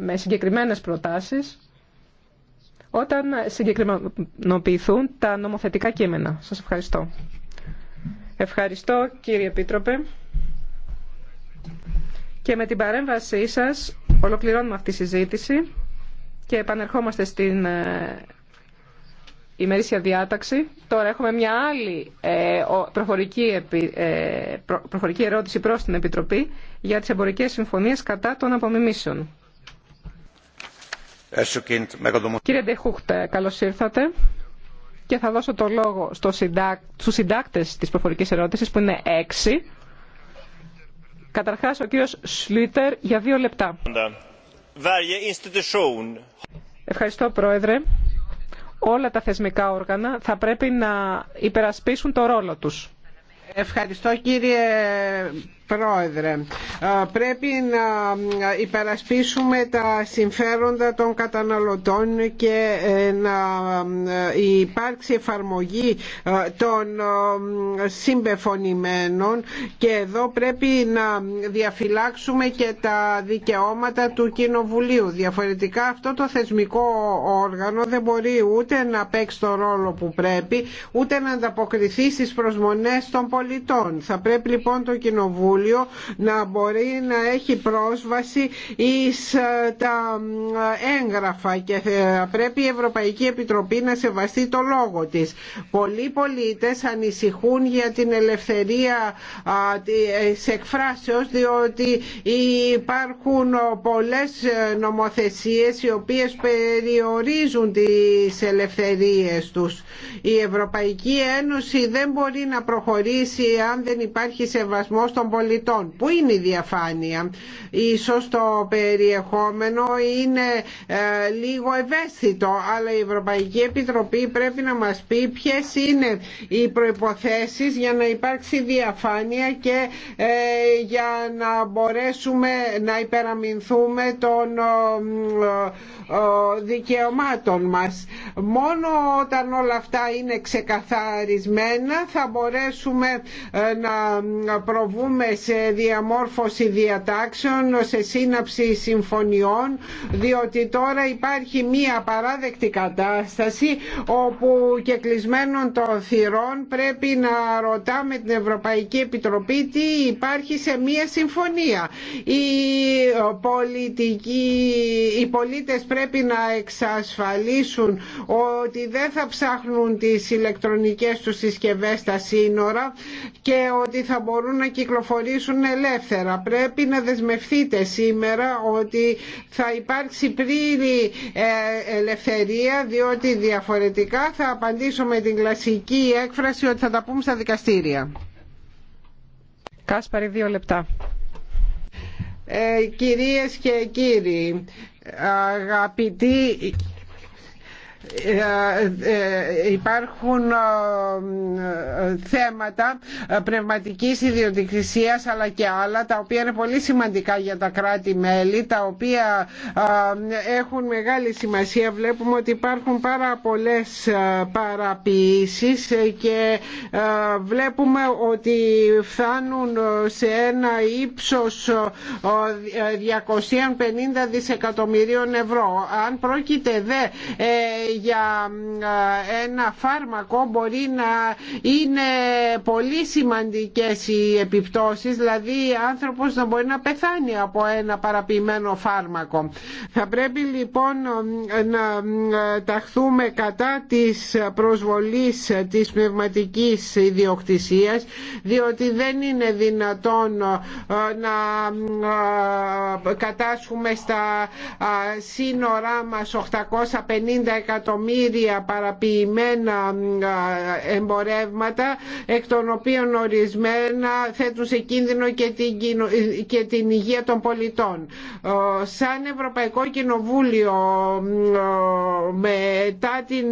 με συγκεκριμένες προτάσεις όταν συγκεκριμενοποιηθούν τα νομοθετικά κείμενα. Σας ευχαριστώ. Ευχαριστώ κύριε Επίτροπε. Και με την παρέμβασή σας ολοκληρώνουμε αυτή τη συζήτηση και επανερχόμαστε στην ε, ημερήσια διάταξη. Τώρα έχουμε μια άλλη ε, προφορική, ε, προφορική ερώτηση προς την Επιτροπή για τις εμπορικές συμφωνίες κατά των απομιμήσεων. Κύριε Ντεχούχτε, καλώς ήρθατε και θα δώσω το λόγο στο συντάκτε στους προφορική της ερώτησης που είναι έξι. Καταρχάς ο κύριος Σλίτερ για δύο λεπτά. Ευχαριστώ Πρόεδρε. Όλα τα θεσμικά όργανα θα πρέπει να υπερασπίσουν το ρόλο τους. Ευχαριστώ κύριε Πρόεδρε. Πρέπει να υπερασπίσουμε τα συμφέροντα των καταναλωτών και ε, να ε, υπάρξει εφαρμογή των συμπεφωνημένων και εδώ πρέπει να διαφυλάξουμε και τα δικαιώματα του Κοινοβουλίου. Διαφορετικά αυτό το θεσμικό όργανο δεν μπορεί ούτε να παίξει το ρόλο που πρέπει, ούτε να ανταποκριθεί στις προσμονές των πολιτών. Θα πρέπει λοιπόν το Κοινοβούλιο να μπορεί να έχει πρόσβαση εις ε, τα ε, έγγραφα και ε, πρέπει η Ευρωπαϊκή Επιτροπή να σεβαστεί το λόγο της. Πολλοί πολίτες ανησυχούν για την ελευθερία της εκφράσεως διότι υπάρχουν πολλές νομοθεσίες οι οποίες περιορίζουν τις ελευθερίες τους. Η Ευρωπαϊκή Ένωση δεν μπορεί να προχωρήσει αν δεν υπάρχει σεβασμός των Πού είναι η διαφάνεια. Ίσως το περιεχόμενο είναι ε, λίγο ευαίσθητο, αλλά η Ευρωπαϊκή Επιτροπή πρέπει να μας πει ποιες είναι οι προϋποθέσεις για να υπάρξει διαφάνεια και ε, για να μπορέσουμε να υπεραμεινθούμε των ε, δικαιωμάτων μας. Μόνο όταν όλα αυτά είναι ξεκαθαρισμένα θα μπορέσουμε να προβούμε σε διαμόρφωση διατάξεων, σε σύναψη συμφωνιών, διότι τώρα υπάρχει μία παράδεκτη κατάσταση όπου και κλεισμένων των θυρών πρέπει να ρωτάμε την Ευρωπαϊκή Επιτροπή τι υπάρχει σε μία συμφωνία. Οι, πολιτικοί, οι πολίτες πρέπει να εξασφαλίσουν ότι δεν θα ψάχνουν τις ηλεκτρονικές τους συσκευές στα σύνορα και ότι θα μπορούν να κυκλοφορήσουν κυκλοφορήσουν ελεύθερα. Πρέπει να δεσμευτείτε σήμερα ότι θα υπάρξει πλήρη ε, ελευθερία διότι διαφορετικά θα απαντήσω με την κλασική έκφραση ότι θα τα πούμε στα δικαστήρια. Κάσπαρη, δύο λεπτά. Ε, κυρίες και κύριοι, αγαπητοί ε, ε, ε, υπάρχουν θέματα πνευματικής ιδιωτικησίας αλλά και άλλα τα οποία είναι πολύ σημαντικά για τα κράτη-μέλη τα οποία έχουν μεγάλη σημασία βλέπουμε ότι υπάρχουν πάρα πολλές παραποιήσεις και βλέπουμε ότι φτάνουν σε ένα ύψος 250 δισεκατομμυρίων ευρώ αν πρόκειται δε για ε, ένα φάρμακο μπορεί να είναι πολύ σημαντικές οι επιπτώσεις, δηλαδή ο άνθρωπος να μπορεί να πεθάνει από ένα παραποιημένο φάρμακο. Θα πρέπει λοιπόν ε, να ε, ταχθούμε κατά της προσβολής της πνευματικής ιδιοκτησίας διότι δεν είναι δυνατόν να κατάσχουμε στα σύνορά μας 850 εκατομμύρια παραποιημένα εμπορεύματα εκ των οποίων ορισμένα θέτουν σε κίνδυνο και την, και υγεία των πολιτών. Σαν Ευρωπαϊκό Κοινοβούλιο μετά την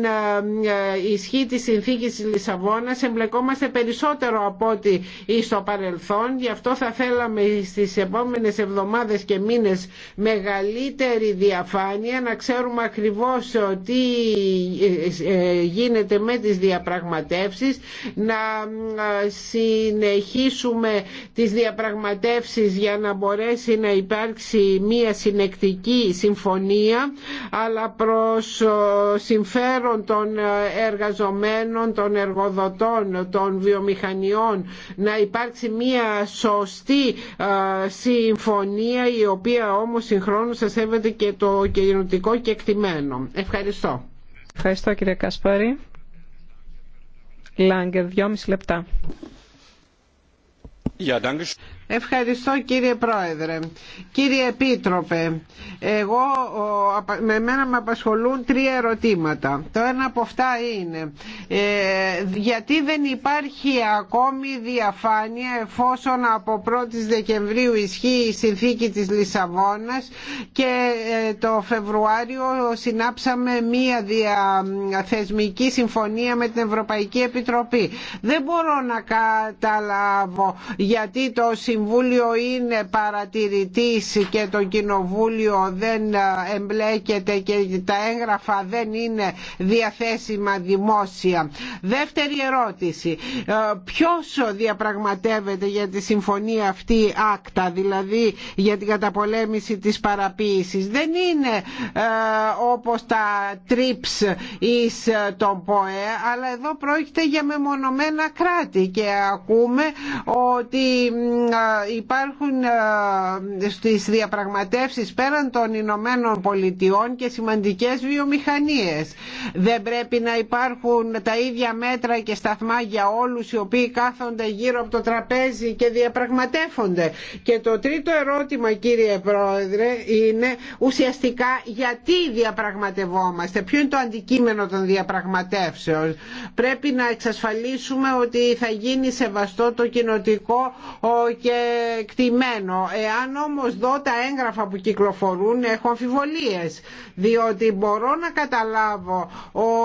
ισχύ της συνθήκης της Λισαβόνας εμπλεκόμαστε περισσότερο από ό,τι στο παρελθόν γι' αυτό θα θέλαμε στις επόμενες εβδομάδες και μήνες μεγαλύτερη διαφάνεια να ξέρουμε ακριβώς ε, τι ε, ε, γίνεται με τις διαπραγματεύσεις να ε, συνεχίσουμε τις διαπραγματεύσεις για να μπορέσει να υπάρξει μια συνεκτική συμφωνία αλλά προς συμφέρον των εργαζομένων, των εργοδοτών, των βιομηχανιών να υπάρξει μια σωστή συμφωνία η οποία όμως συγχρόνως σας και το κοινωτικό εκτιμένο. Ευχαριστώ. Ευχαριστώ κύριε Κασπάρη. Λάγκε, δυόμιση λεπτά. Ευχαριστώ κύριε Πρόεδρε. Κύριε Επίτροπε, εγώ, με μένα με απασχολούν τρία ερωτήματα. Το ένα από αυτά είναι ε, γιατί δεν υπάρχει ακόμη διαφάνεια εφόσον από 1η Δεκεμβρίου ισχύει η συνθήκη της Λισαβόνας και ε, το Φεβρουάριο συνάψαμε μία διαθεσμική συμφωνία με την Ευρωπαϊκή Επιτροπή. Δεν μπορώ να καταλάβω γιατί το Συμβούλιο είναι παρατηρητής και το Κοινοβούλιο δεν ε, εμπλέκεται και τα έγγραφα δεν είναι διαθέσιμα δημόσια. Δεύτερη ερώτηση. Ε, ποιος διαπραγματεύεται για τη συμφωνία αυτή άκτα, δηλαδή για την καταπολέμηση της παραποίησης. Δεν είναι ε, όπως τα τρίψ εις τον ΠΟΕ, αλλά εδώ πρόκειται για μεμονωμένα κράτη και ακούμε ότι υπάρχουν στις διαπραγματεύσεις πέραν των Ηνωμένων Πολιτειών και σημαντικές βιομηχανίες. Δεν πρέπει να υπάρχουν τα ίδια μέτρα και σταθμά για όλους οι οποίοι κάθονται γύρω από το τραπέζι και διαπραγματεύονται. Και το τρίτο ερώτημα κύριε Πρόεδρε είναι ουσιαστικά γιατί διαπραγματευόμαστε, ποιο είναι το αντικείμενο των διαπραγματεύσεων. Πρέπει να εξασφαλίσουμε ότι θα γίνει σεβαστό το κοινοτικό και κτημένο. Εάν όμως δω τα έγγραφα που κυκλοφορούν έχω αμφιβολίες διότι μπορώ να καταλάβω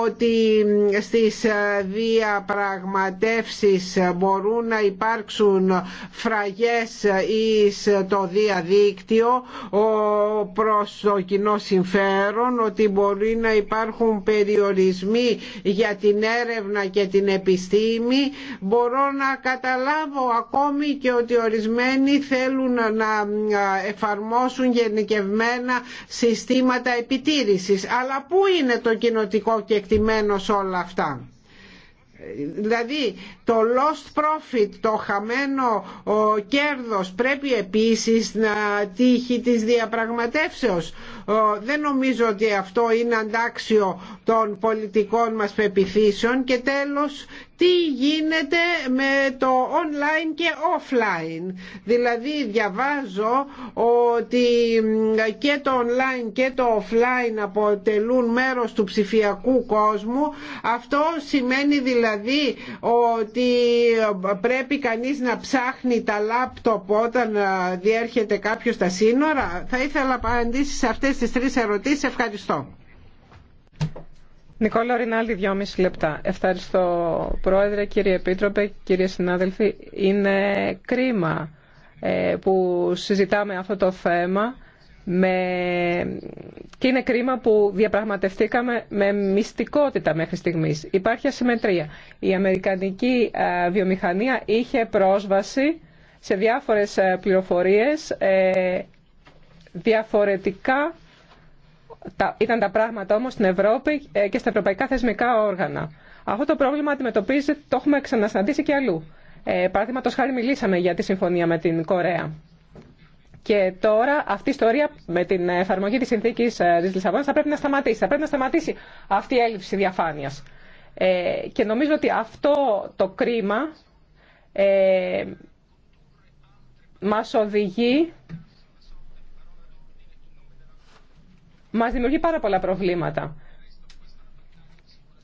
ότι στις διαπραγματεύσεις μπορούν να υπάρξουν φραγές εις το διαδίκτυο προς το κοινό συμφέρον ότι μπορεί να υπάρχουν περιορισμοί για την έρευνα και την επιστήμη μπορώ να καταλάβω ακόμη και ότι ορισμένοι θέλουν να εφαρμόσουν γενικευμένα συστήματα επιτήρησης. Αλλά πού είναι το κοινοτικό κεκτημένο σε όλα αυτά. Δηλαδή το lost profit, το χαμένο ο κέρδος πρέπει επίσης να τύχει της διαπραγματεύσεως ε, δεν νομίζω ότι αυτό είναι αντάξιο των πολιτικών μας πεπιθήσεων και τέλος τι γίνεται με το online και offline. Δηλαδή διαβάζω ότι και το online και το offline αποτελούν μέρος του ψηφιακού κόσμου. Αυτό σημαίνει δηλαδή ότι πρέπει κανείς να ψάχνει τα λάπτοπ όταν ε, διέρχεται κάποιος στα σύνορα. Θα ήθελα απαντήσεις σε αυτές αυτές τις τρεις ερωτήσεις. Ευχαριστώ. Νικόλα Ρινάλδη, δυόμιση λεπτά. Ευχαριστώ, Πρόεδρε, κύριε Επίτροπε, κύριε συνάδελφοι. Είναι κρίμα ε, που συζητάμε αυτό το θέμα με... και είναι κρίμα που διαπραγματευτήκαμε με μυστικότητα μέχρι στιγμής. Υπάρχει ασυμμετρία. Η αμερικανική ε, βιομηχανία είχε πρόσβαση σε διάφορες ε, πληροφορίες διαφορετικά ήταν τα πράγματα όμως στην Ευρώπη ε, και στα ευρωπαϊκά θεσμικά όργανα. Αυτό το πρόβλημα αντιμετωπίζεται, το έχουμε ξανασυναντήσει και αλλού. Ε, Παραδείγματο χάρη μιλήσαμε για τη συμφωνία με την Κορέα. Και τώρα αυτή η ιστορία με την εφαρμογή της συνθήκης ε, της Λισαβόνας θα πρέπει να σταματήσει. Θα πρέπει να σταματήσει αυτή η έλλειψη διαφάνειας. Ε, και νομίζω ότι αυτό το κρίμα ε, μας οδηγεί Μα δημιουργεί πάρα πολλά προβλήματα.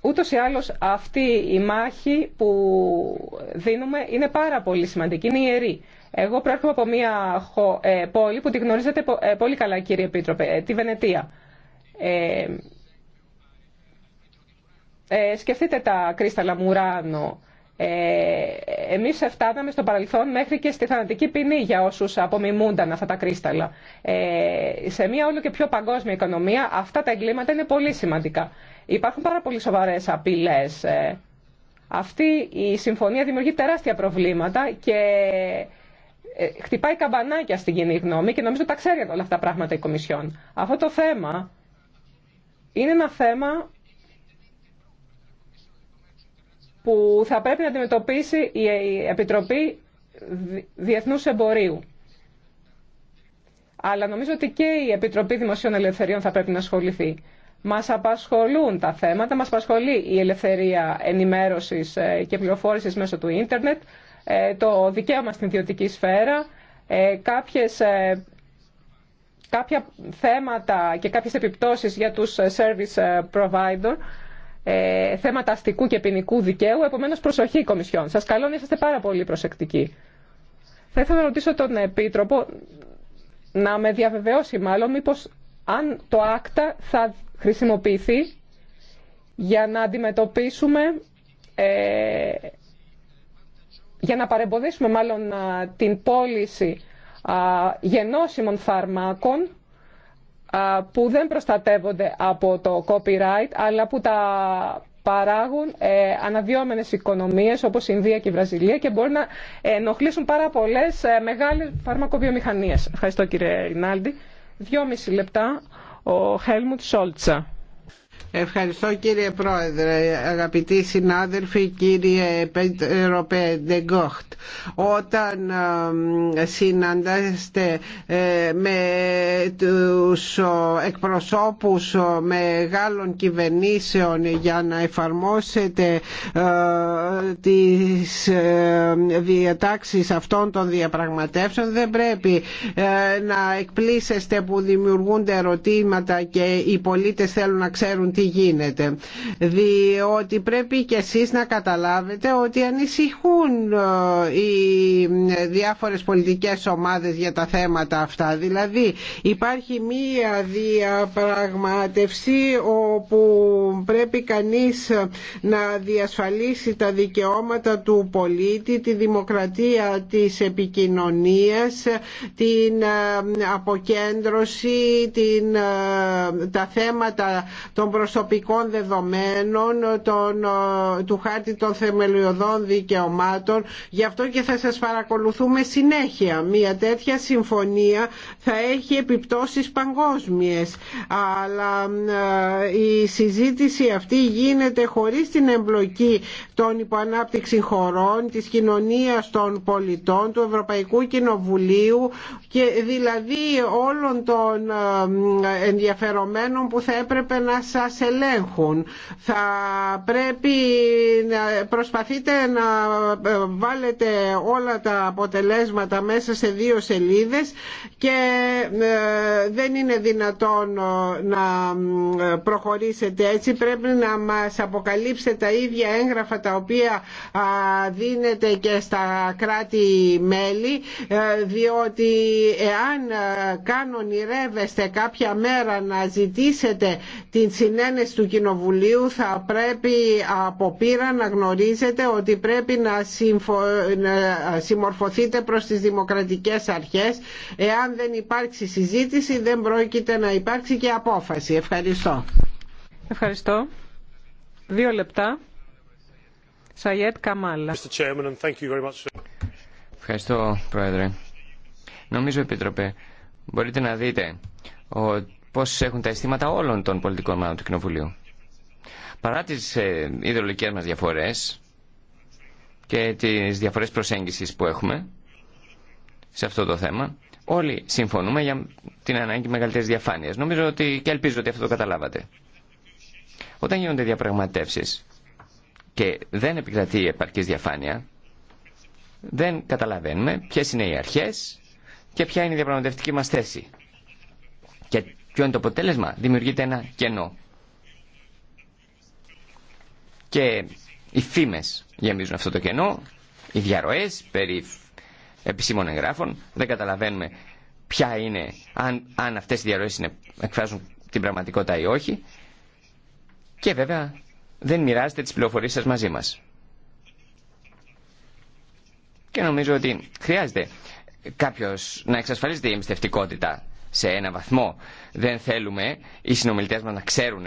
Ούτως ή άλλως αυτή η μάχη που δίνουμε είναι πάρα πολύ σημαντική, είναι ιερή. Εγώ προέρχομαι από μια ε, πόλη που τη γνωρίζετε ε, πολύ καλά κύριε Επίτροπε, ε, τη Βενετία. σκεφτείτε τα κρίσταλα Μουράνο ε, εμείς φτάναμε στο παρελθόν μέχρι και στη θανατική ποινή για όσους απομιμούνταν αυτά τα κρίσταλα. Ε, σε μια όλο και πιο παγκόσμια οικονομία αυτά τα εγκλήματα είναι πολύ σημαντικά. Υπάρχουν πάρα πολύ σοβαρές απειλές. Ε, αυτή η συμφωνία δημιουργεί τεράστια προβλήματα και ε, χτυπάει καμπανάκια στην κοινή γνώμη και νομίζω τα ξέρει όλα αυτά τα πράγματα η Κομισιόν. Αυτό το θέμα είναι ένα θέμα που θα πρέπει να αντιμετωπίσει η Επιτροπή Διεθνούς Εμπορίου. Αλλά νομίζω ότι και η Επιτροπή Δημοσίων Ελευθεριών θα πρέπει να ασχοληθεί. Μας απασχολούν τα θέματα, μας απασχολεί η ελευθερία ενημέρωσης ε, και πληροφόρησης μέσω του ίντερνετ, ε, το δικαίωμα στην ιδιωτική σφαίρα, ε, κάποιες, κάποια θέματα και κάποιες επιπτώσεις για τους service provider, ε, θέματα αστικού και ποινικού δικαίου, επομένω προσοχή Κομισιόν. Σα καλώ να είσαστε πάρα πολύ προσεκτικοί. Θα ήθελα να ρωτήσω τον Επίτροπο να με διαβεβαιώσει μάλλον μήπως αν το άκτα θα χρησιμοποιηθεί για να αντιμετωπίσουμε, ε, για να παρεμποδίσουμε μάλλον την πώληση α, γενώσιμων φαρμάκων που δεν προστατεύονται από το copyright, αλλά που τα παράγουν ε, αναδυόμενες οικονομίες όπως η Ινδία και η Βραζιλία και μπορεί να ενοχλήσουν πάρα πολλές ε, μεγάλες φαρμακοβιομηχανίες. Ευχαριστώ κύριε Ρινάλντι. Δυόμιση λεπτά ο Χέλμουντ Σόλτσα. Ευχαριστώ κύριε Πρόεδρε, αγαπητοί συνάδελφοι, κύριε Πέτροπε Ντεγκόχτ. Όταν ε, συναντάστε ε, με τους εκπροσώπους μεγάλων κυβερνήσεων για να εφαρμόσετε ε, τις διατάξεις αυτών των διαπραγματεύσεων δεν πρέπει να εκπλήσεστε που δημιουργούνται ερωτήματα και οι πολίτες θέλουν να ξέρουν τι διότι πρέπει και εσείς να καταλάβετε ότι ανησυχούν ε, οι διάφορες πολιτικές ομάδες για τα θέματα αυτά δηλαδή υπάρχει μία διαπραγματευσή όπου πρέπει κανείς να διασφαλίσει τα δικαιώματα του πολίτη, τη δημοκρατία της επικοινωνίας, την ε, αποκέντρωση, την, ε, τα θέματα των προσφυγών, προσωπικών δεδομένων τον του χάρτη των θεμελιωδών δικαιωμάτων. Γι' αυτό και θα σας παρακολουθούμε συνέχεια. Μια τέτοια συμφωνία θα έχει επιπτώσεις παγκόσμιες. Αλλά ε, η συζήτηση αυτή γίνεται χωρίς την εμπλοκή των υποανάπτυξη χωρών, της κοινωνίας των πολιτών, του Ευρωπαϊκού Κοινοβουλίου και δηλαδή όλων των ε, ενδιαφερομένων που θα έπρεπε να σας θα πρέπει να προσπαθείτε να ε, βάλετε όλα τα αποτελέσματα μέσα σε δύο σελίδες και ε, δεν είναι δυνατόν ε, να προχωρήσετε έτσι. Πρέπει να μας αποκαλύψετε τα ίδια έγγραφα τα οποία δίνετε και στα κράτη-μέλη διότι εάν κάνουν ονειρεύεστε κάποια μέρα να ζητήσετε την συνέχεια λιμένες του Κοινοβουλίου θα πρέπει από πείρα να γνωρίζετε ότι πρέπει να, συμφω... να συμμορφωθείτε προς τις δημοκρατικές αρχές. Εάν δεν υπάρξει συζήτηση δεν πρόκειται να υπάρξει και απόφαση. Ευχαριστώ. Ευχαριστώ. Δύο λεπτά. Σαγιέτ Καμάλα. Ευχαριστώ, Πρόεδρε. Νομίζω, Επίτροπε, μπορείτε να δείτε ότι πώ έχουν τα αισθήματα όλων των πολιτικών ομάδων του Κοινοβουλίου. Παρά τις ε, ιδεολογικές μας διαφορές και τις διαφορέ προσέγγιση που έχουμε σε αυτό το θέμα, όλοι συμφωνούμε για την ανάγκη μεγαλύτερη διαφάνεια. Νομίζω ότι και ελπίζω ότι αυτό το καταλάβατε. Όταν γίνονται διαπραγματεύσει και δεν επικρατεί επαρκή διαφάνεια, δεν καταλαβαίνουμε ποιε είναι οι αρχέ και ποια είναι η διαπραγματευτική μα θέση. Και Ποιο είναι το αποτέλεσμα. Δημιουργείται ένα κενό. Και οι φήμες γεμίζουν αυτό το κενό, οι διαρροές περί επισήμων εγγράφων. Δεν καταλαβαίνουμε ποια είναι, αν, αν αυτές οι διαρροές εκφράζουν την πραγματικότητα ή όχι. Και βέβαια δεν μοιράζετε τις πληροφορίες σας μαζί μας. Και νομίζω ότι χρειάζεται κάποιος να εξασφαλίζεται η εμπιστευτικότητα σε ένα βαθμό. Δεν θέλουμε οι συνομιλητέ μα να ξέρουν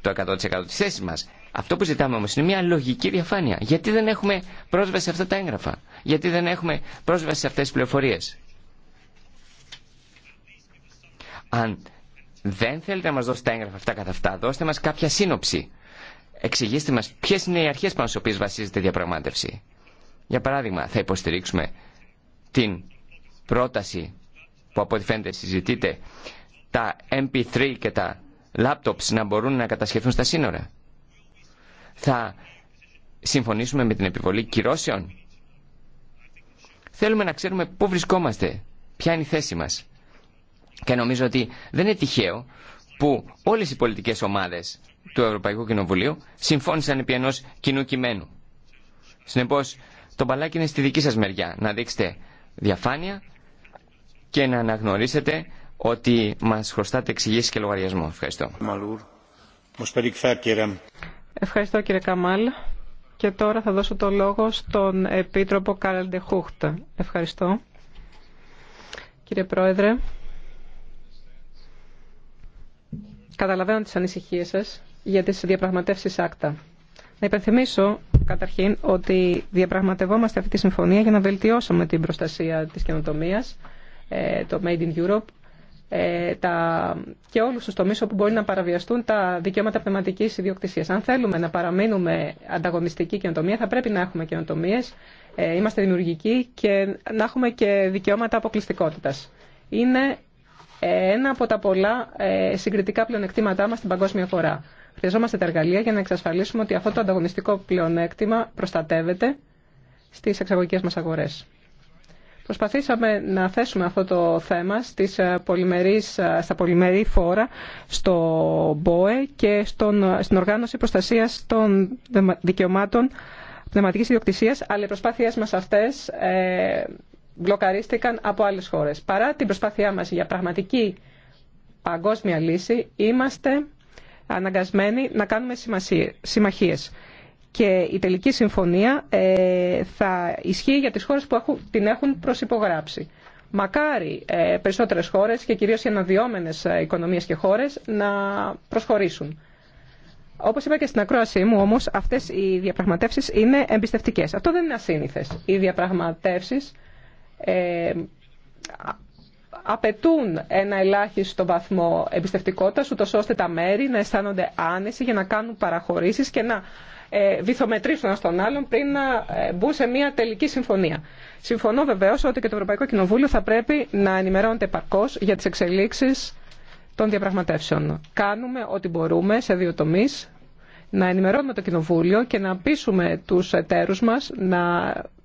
το 100% τη θέση μα. Αυτό που ζητάμε όμω είναι μια λογική διαφάνεια. Γιατί δεν έχουμε πρόσβαση σε αυτά τα έγγραφα. Γιατί δεν έχουμε πρόσβαση σε αυτέ τι πληροφορίε. Αν δεν θέλετε να μα δώσετε τα έγγραφα αυτά καθ' αυτά, δώστε μα κάποια σύνοψη. Εξηγήστε μα ποιε είναι οι αρχέ πάνω στι οποίε βασίζεται η διαπραγμάτευση. Για παράδειγμα, θα υποστηρίξουμε την πρόταση που από ό,τι φαίνεται συζητείτε, τα MP3 και τα laptops να μπορούν να κατασχεθούν στα σύνορα. Θα συμφωνήσουμε με την επιβολή κυρώσεων. Θέλουμε να ξέρουμε πού βρισκόμαστε, ποια είναι η θέση μας. Και νομίζω ότι δεν είναι τυχαίο που όλες οι πολιτικές ομάδες του Ευρωπαϊκού Κοινοβουλίου συμφώνησαν επί ενός κοινού κειμένου. Συνεπώς, το μπαλάκι είναι στη δική σας μεριά, να δείξετε διαφάνεια και να αναγνωρίσετε ότι μας χρωστάτε εξηγήσει και λογαριασμό. Ευχαριστώ. Ευχαριστώ κύριε Καμάλ. Και τώρα θα δώσω το λόγο στον Επίτροπο Κάραλντε Χούχτ. Ευχαριστώ. Κύριε Πρόεδρε, καταλαβαίνω τις ανησυχίες σας για τις διαπραγματεύσεις άκτα. Να υπενθυμίσω καταρχήν ότι διαπραγματευόμαστε αυτή τη συμφωνία για να βελτιώσουμε την προστασία της καινοτομίας ε, το Made in Europe ε, τα, και όλους τους τομείς όπου μπορεί να παραβιαστούν τα δικαιώματα πνευματικής ιδιοκτησίας. Αν θέλουμε να παραμείνουμε ανταγωνιστική καινοτομία θα πρέπει να έχουμε καινοτομίε, ε, είμαστε δημιουργικοί και να έχουμε και δικαιώματα αποκλειστικότητας. Είναι ένα από τα πολλά συγκριτικά πλεονεκτήματά μας στην παγκόσμια φορά. Χρειαζόμαστε τα εργαλεία για να εξασφαλίσουμε ότι αυτό το ανταγωνιστικό πλεονέκτημα προστατεύεται στις εξαγωγικές μας αγορές. Προσπαθήσαμε να θέσουμε αυτό το θέμα στις ε, πολυμερείς, ε, στα πολυμερή φόρα, στο ΜΠΟΕ και στον, ε, στην Οργάνωση Προστασίας των Δικαιωμάτων Πνευματικής Ιδιοκτησίας, αλλά οι προσπάθειές μας αυτές ε, μπλοκαρίστηκαν από άλλες χώρες. Παρά την προσπάθειά μας για πραγματική παγκόσμια λύση, είμαστε αναγκασμένοι να κάνουμε συμμαχίες και η τελική συμφωνία ε, θα ισχύει για τις χώρες που την έχουν προσυπογράψει. Μακάρι ε, περισσότερες χώρες και κυρίως οι αναδυόμενες ε, οικονομίες και χώρες να προσχωρήσουν. Όπως είπα και στην ακρόασή μου όμως, αυτές οι διαπραγματεύσεις είναι εμπιστευτικές. Αυτό δεν είναι ασύνηθες. Οι διαπραγματεύσεις ε, απαιτούν ένα ελάχιστο βαθμό εμπιστευτικότητας, ούτως ώστε τα μέρη να αισθάνονται άνεση για να κάνουν παραχωρήσεις και να ε, βυθομετρήσουν ένα τον άλλον πριν να ε, μπουν σε μια τελική συμφωνία. Συμφωνώ βεβαίω ότι και το Ευρωπαϊκό Κοινοβούλιο θα πρέπει να ενημερώνεται επαρκώ για τι εξελίξει των διαπραγματεύσεων. Κάνουμε ό,τι μπορούμε σε δύο τομεί να ενημερώνουμε το Κοινοβούλιο και να πείσουμε του εταίρου μα να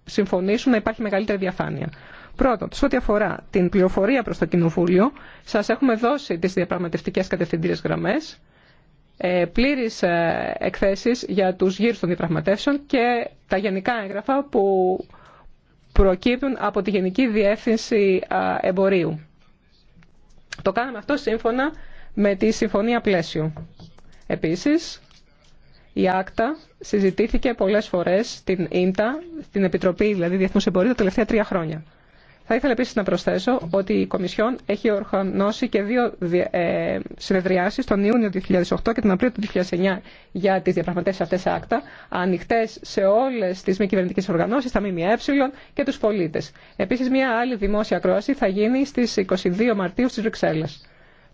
συμφωνήσουν να υπάρχει μεγαλύτερη διαφάνεια. Πρώτον, σε ό,τι αφορά την πληροφορία προ το Κοινοβούλιο, σα έχουμε δώσει τι διαπραγματευτικέ κατευθυντήρε γραμμέ ε, πλήρεις ε, εκθέσεις για τους γύρους των διαπραγματεύσεων και τα γενικά έγγραφα που προκύπτουν από τη Γενική Διεύθυνση ε, Εμπορίου. Το κάναμε αυτό σύμφωνα με τη Συμφωνία Πλαίσιου. Επίσης, η άκτα συζητήθηκε πολλές φορές στην ΙΝΤΑ, στην Επιτροπή δηλαδή Διεθνούς Εμπορίου, τα τελευταία τρία χρόνια. Θα ήθελα επίση να προσθέσω ότι η Κομισιόν έχει οργανώσει και δύο ε, συνεδριάσεις τον Ιούνιο 2008 και τον Απρίλιο του 2009 για τις διαπραγματεύσεις αυτέ άκτα, ανοιχτέ σε όλε τι μη κυβερνητικέ οργανώσει, τα ΜΜΕ και του πολίτε. Επίση, μια άλλη δημόσια ακρόαση θα γίνει στι 22 Μαρτίου στι Βρυξέλλε,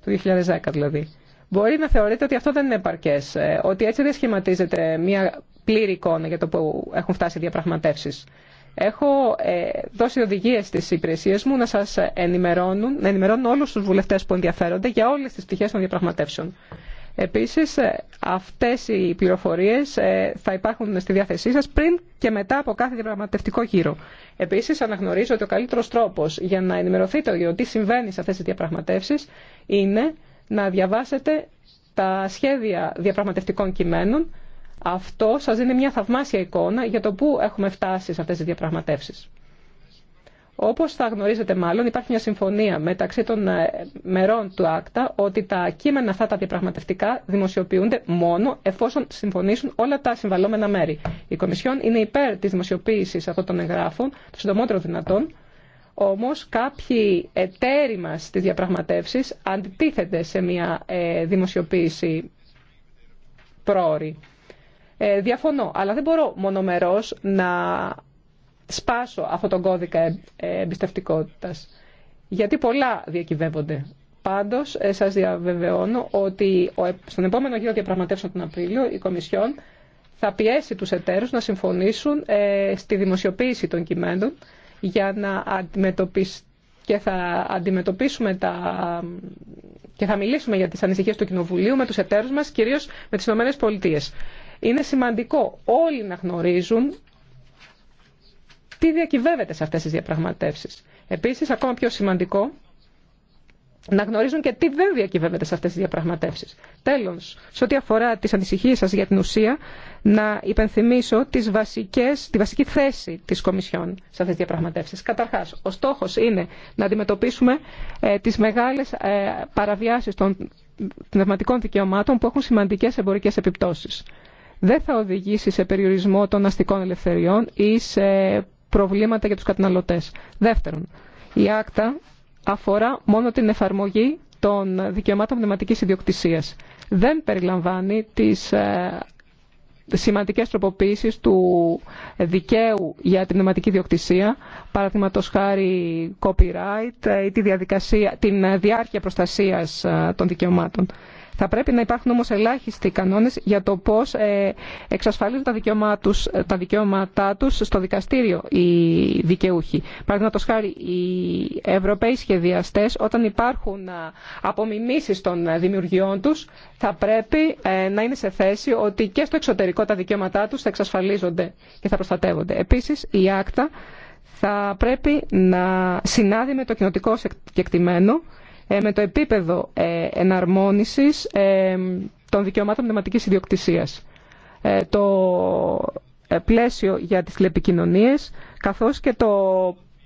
του 2010 δηλαδή. Μπορεί να θεωρείτε ότι αυτό δεν είναι επαρκέ, ε, ότι έτσι δεν σχηματίζεται μια πλήρη εικόνα για το που έχουν φτάσει οι διαπραγματεύσει. Έχω ε, δώσει οδηγίε στι υπηρεσίε μου να σα ενημερώνουν, να ενημερώνουν όλου του βουλευτέ που ενδιαφέρονται για όλε τι πτυχέ των διαπραγματεύσεων. Επίση, ε, αυτέ οι πληροφορίε ε, θα υπάρχουν στη διάθεσή σα πριν και μετά από κάθε διαπραγματευτικό γύρο. Επίση, αναγνωρίζω ότι ο καλύτερο τρόπο για να ενημερωθείτε για τι συμβαίνει σε αυτέ τι διαπραγματεύσει είναι να διαβάσετε τα σχέδια διαπραγματευτικών κειμένων αυτό σα δίνει μια θαυμάσια εικόνα για το πού έχουμε φτάσει σε αυτέ τι διαπραγματεύσει. Όπω θα γνωρίζετε μάλλον υπάρχει μια συμφωνία μεταξύ των ε, μερών του ΑΚΤΑ ότι τα κείμενα αυτά τα διαπραγματευτικά δημοσιοποιούνται μόνο εφόσον συμφωνήσουν όλα τα συμβαλώμενα μέρη. Η Κομισιόν είναι υπέρ τη δημοσιοποίηση αυτών των εγγράφων, το συντομότερο δυνατόν, όμω κάποιοι εταίροι μα στις διαπραγματεύσεις αντιτίθεται σε μια ε, δημοσιοποίηση πρόορη. Ε, διαφωνώ, αλλά δεν μπορώ μονομερός να σπάσω αυτόν τον κώδικα ε, ε, εμπιστευτικότητας. Γιατί πολλά διακυβεύονται. Πάντως, ε, σας διαβεβαιώνω ότι στον επόμενο γύρο διαπραγματεύσεων τον Απρίλιο, η Κομισιόν θα πιέσει τους εταίρους να συμφωνήσουν στη δημοσιοποίηση των κειμένων για να και θα αντιμετωπίσουμε τα... και θα μιλήσουμε για τις ανησυχίες του Κοινοβουλίου με τους εταίρους μας, κυρίως με τις ΗΠΑ. Είναι σημαντικό όλοι να γνωρίζουν τι διακυβεύεται σε αυτές τις διαπραγματεύσεις. Επίσης, ακόμα πιο σημαντικό, να γνωρίζουν και τι δεν διακυβεύεται σε αυτές τις διαπραγματεύσεις. Τέλος, σε ό,τι αφορά τις ανησυχίες σας για την ουσία, να υπενθυμίσω τις βασικές, τη βασική θέση της Κομισιόν σε αυτές τις διαπραγματεύσεις. Καταρχάς, ο στόχος είναι να αντιμετωπίσουμε ε, τις μεγάλες ε, παραβιάσεις των πνευματικών δικαιωμάτων που έχουν σημαντικές εμπορικές επιπτώσεις δεν θα οδηγήσει σε περιορισμό των αστικών ελευθεριών ή σε προβλήματα για τους καταναλωτές. Δεύτερον, η άκτα αφορά μόνο την εφαρμογή των δικαιωμάτων πνευματικής ιδιοκτησίας. Δεν περιλαμβάνει τις ε, σημαντικές τροποποίησεις του δικαίου για την πνευματική ιδιοκτησία, παραδείγματο χάρη copyright ή τη διαδικασία, την ε, διάρκεια προστασίας ε, των δικαιωμάτων. Θα πρέπει να υπάρχουν όμως ελάχιστοι κανόνες για το πώς ε, εξασφαλίζουν τα, τα δικαιώματά τους στο δικαστήριο οι δικαιούχοι. το χάρη, οι Ευρωπαίοι σχεδιαστές όταν υπάρχουν ε, απομιμήσεις των δημιουργιών τους θα πρέπει ε, να είναι σε θέση ότι και στο εξωτερικό τα δικαιώματά τους θα εξασφαλίζονται και θα προστατεύονται. Επίσης, η άκτα θα πρέπει να συνάδει με το κοινοτικό κεκτημένο ε, με το επίπεδο ε, εναρμόνισης ε, των δικαιωμάτων πνευματικής ιδιοκτησίας. Το πλαίσιο για τις τηλεπικοινωνίες καθώς και το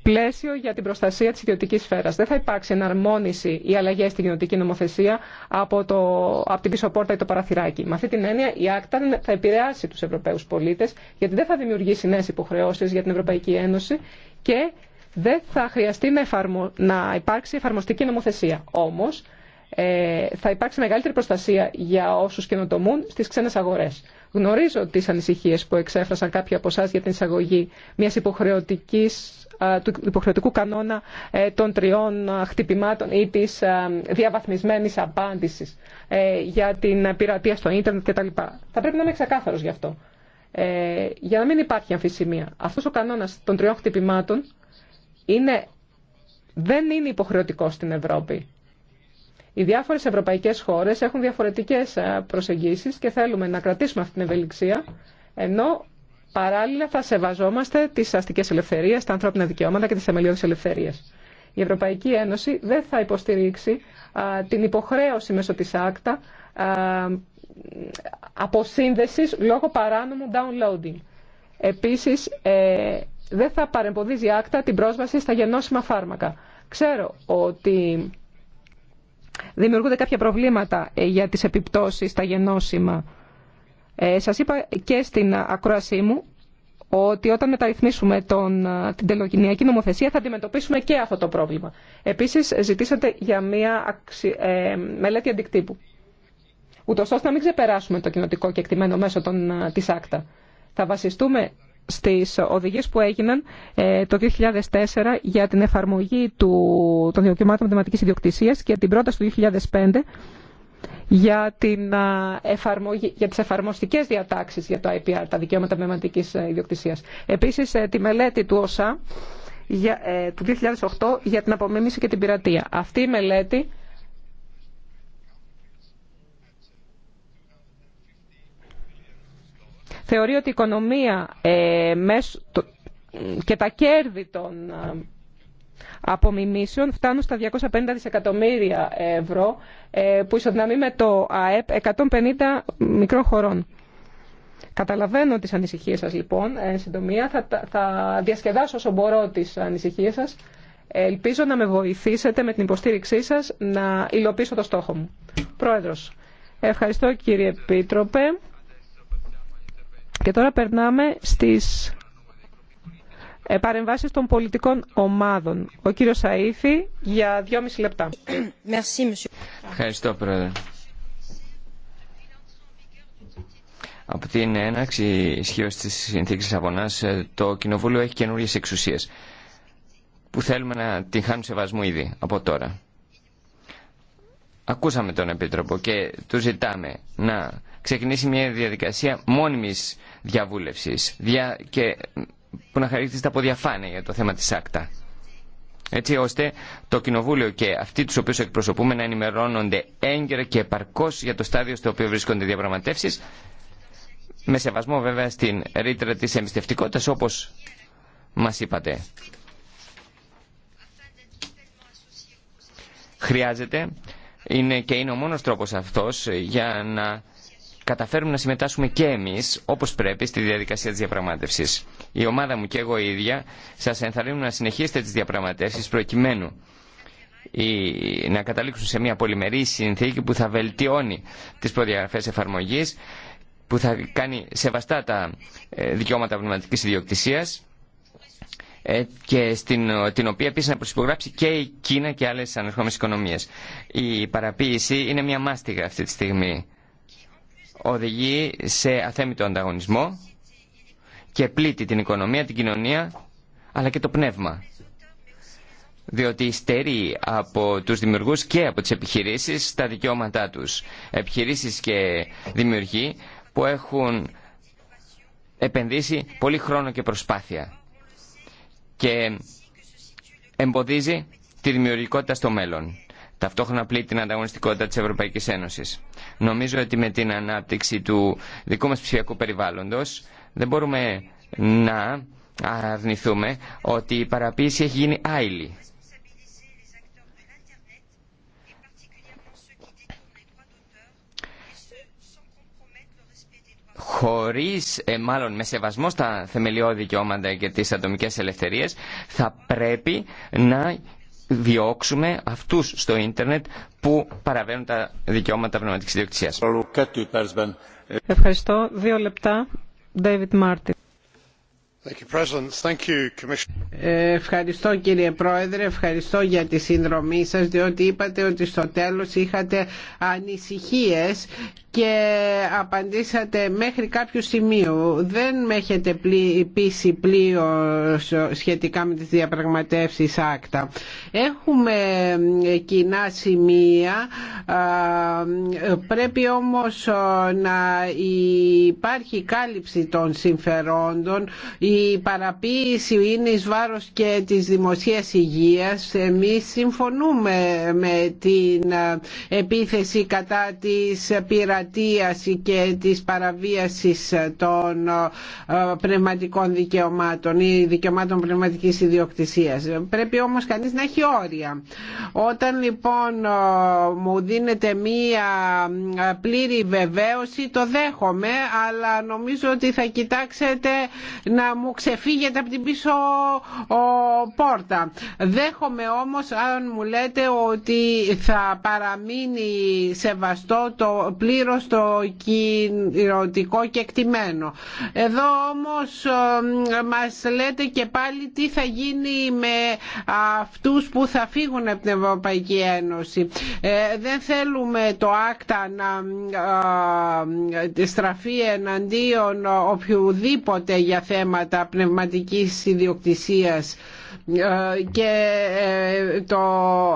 πλαίσιο για την προστασία της ιδιωτικής σφαίρας. Δεν θα υπάρξει εναρμόνιση ή αλλαγέ στην κοινωτική νομοθεσία από, το, από την πίσω πόρτα ή το παραθυράκι. Με αυτή την έννοια η άκτα θα επηρεάσει τους Ευρωπαίους πολίτες γιατί δεν θα δημιουργήσει νέες υποχρεώσεις για την Ευρωπαϊκή Ένωση και δεν θα χρειαστεί να, εφαρμο... να υπάρξει εφαρμοστική νομοθεσία. Όμως, ε, θα υπάρξει μεγαλύτερη προστασία για όσους καινοτομούν στις ξένες αγορές. Γνωρίζω τις ανησυχίες που εξέφρασαν κάποιοι από εσά για την εισαγωγή μιας υποχρεωτικής, του υποχρεωτικού κανόνα ε, των τριών χτυπημάτων ή της διαβαθμισμένης απάντησης ε, για την πειρατεία στο ίντερνετ κτλ. Θα πρέπει να είμαι ξεκάθαρος γι' αυτό. Ε, για να μην υπάρχει αμφισημία. Αυτός ο κανόνας των τριών χτυπημάτων είναι, δεν είναι υποχρεωτικό στην Ευρώπη. Οι διάφορες ευρωπαϊκές χώρες έχουν διαφορετικές προσεγγίσεις και θέλουμε να κρατήσουμε αυτή την ευελιξία, ενώ παράλληλα θα σεβαζόμαστε τις αστικές ελευθερίες, τα ανθρώπινα δικαιώματα και τις θεμελιώδεις ελευθερίες. Η Ευρωπαϊκή Ένωση δεν θα υποστηρίξει την υποχρέωση μέσω της άκτα αποσύνδεσης λόγω παράνομου downloading. Επίσης, ε, δεν θα παρεμποδίζει άκτα την πρόσβαση στα γενώσιμα φάρμακα. Ξέρω ότι δημιουργούνται κάποια προβλήματα ε, για τις επιπτώσεις στα γενώσιμα. Ε, σας είπα και στην ακρόασή μου ότι όταν μεταρρυθμίσουμε τον, ε, την τελογενειακή νομοθεσία θα αντιμετωπίσουμε και αυτό το πρόβλημα. Επίσης ζητήσατε για μια ε, μελέτη αντικτύπου. Ούτως ώστε να μην ξεπεράσουμε το κοινοτικό κεκτημένο μέσω των, της άκτα. Θα βασιστούμε στις οδηγίες που έγιναν ε, το 2004 για την εφαρμογή του, των δικαιωμάτων πνευματικής ιδιοκτησίας και την πρόταση του 2005 για, την, εφαρμογή, για τις εφαρμοστικές διατάξεις για το IPR, τα δικαιώματα πνευματικής ε, ιδιοκτησίας. Επίσης, ε, τη μελέτη του ΩΣΑ του 2008 για την απομίμηση και την πειρατεία. Αυτή η μελέτη θεωρεί ότι η οικονομία ε, και τα κέρδη των ε, απομιμήσεων φτάνουν στα 250 δισεκατομμύρια ευρώ ε, που ισοδυναμεί με το ΑΕΠ 150 μικρών χωρών. Καταλαβαίνω τις ανησυχίες σας λοιπόν, ε, συντομία. Θα, θα διασκεδάσω όσο μπορώ τις ανησυχίες σας. Ελπίζω να με βοηθήσετε με την υποστήριξή σας να υλοποιήσω το στόχο μου. Πρόεδρος, ευχαριστώ κύριε Επίτροπε. Και τώρα περνάμε στις παρεμβάσεις των πολιτικών ομάδων. Ο κύριος Σαΐφη για δυόμιση λεπτά. Ευχαριστώ πρόεδρε. Από την έναξη ισχύω τη συνθήκη Αβωνά, ε, το Κοινοβούλιο έχει καινούριε εξουσίε που θέλουμε να την χάνουν σεβασμού ήδη από τώρα. Ακούσαμε τον Επίτροπο και του ζητάμε να ξεκινήσει μια διαδικασία μόνιμης διαβούλευσης και που να χαρακτηρίζεται από διαφάνεια για το θέμα της άκτα. Έτσι ώστε το Κοινοβούλιο και αυτοί τους οποίους εκπροσωπούμε να ενημερώνονται έγκαιρα και επαρκώς για το στάδιο στο οποίο βρίσκονται οι διαπραγματεύσεις με σεβασμό βέβαια στην ρήτρα της εμπιστευτικότητα, όπως μας είπατε. Χρειάζεται είναι και είναι ο μόνος τρόπος αυτός για να καταφέρουμε να συμμετάσχουμε και εμείς όπως πρέπει στη διαδικασία της διαπραγμάτευσης. Η ομάδα μου και εγώ ίδια σας ενθαρρύνουμε να συνεχίσετε τις διαπραγματεύσεις προκειμένου να καταλήξουν σε μια πολυμερή συνθήκη που θα βελτιώνει τις προδιαγραφές εφαρμογής, που θα κάνει σεβαστά τα ε, δικαιώματα πνευματικής ιδιοκτησίας ε, και στην, την οποία επίση να προσυπογράψει και η Κίνα και άλλε ανερχόμενε οικονομίε. Η παραποίηση είναι μια μάστιγα αυτή τη στιγμή. Οδηγεί σε αθέμητο ανταγωνισμό και πλήττει την οικονομία, την κοινωνία αλλά και το πνεύμα. Διότι στερεί από τους δημιουργούς και από τις επιχειρήσεις τα δικαιώματά τους. Επιχειρήσεις και δημιουργοί που έχουν επενδύσει πολύ χρόνο και προσπάθεια και εμποδίζει τη δημιουργικότητα στο μέλλον. Ταυτόχρονα πλήττει την ανταγωνιστικότητα της Ευρωπαϊκής Ένωσης. Νομίζω ότι με την ανάπτυξη του δικού μας ψηφιακού περιβάλλοντος δεν μπορούμε να αρνηθούμε ότι η παραποίηση έχει γίνει άειλη. χωρίς, ε, μάλλον με σεβασμό στα θεμελιώδη δικαιώματα και τις ατομικές ελευθερίες, θα πρέπει να διώξουμε αυτούς στο ίντερνετ που παραβαίνουν τα δικαιώματα πνευματικής ιδιοκτησίας. Ευχαριστώ. Δύο λεπτά. David Martin. Ε, ευχαριστώ κύριε Πρόεδρε, ευχαριστώ για τη συνδρομή σας διότι είπατε ότι στο τέλος είχατε ανησυχίες και απαντήσατε μέχρι κάποιο σημείο, Δεν με έχετε πείσει πλοίο σχετικά με τις διαπραγματεύσεις άκτα. Έχουμε κοινά σημεία, πρέπει όμως να υπάρχει κάλυψη των συμφερόντων. Η παραποίηση είναι εις βάρος και της δημοσίας υγείας. Εμείς συμφωνούμε με την επίθεση κατά της πειρα και της παραβίασης των ε, πνευματικών δικαιωμάτων ή δικαιωμάτων πνευματικής ιδιοκτησίας. Πρέπει όμως κανείς να έχει όρια. Όταν λοιπόν ε, μου δίνεται μία ε, πλήρη βεβαίωση το δέχομαι αλλά νομίζω ότι θα κοιτάξετε να μου ξεφύγετε από την πίσω πόρτα. Δέχομαι όμως αν μου λέτε ότι θα παραμείνει σεβαστό το πλήρω στο στο και εκτιμένο. Εδώ όμως ε, μας λέτε και πάλι τι θα γίνει με αυτούς που θα φύγουν από την Ευρωπαϊκή Ένωση. Ε, δεν θέλουμε το άκτα να ε, στραφεί εναντίον οποιοδήποτε για θέματα πνευματικής ιδιοκτησίας και ε, το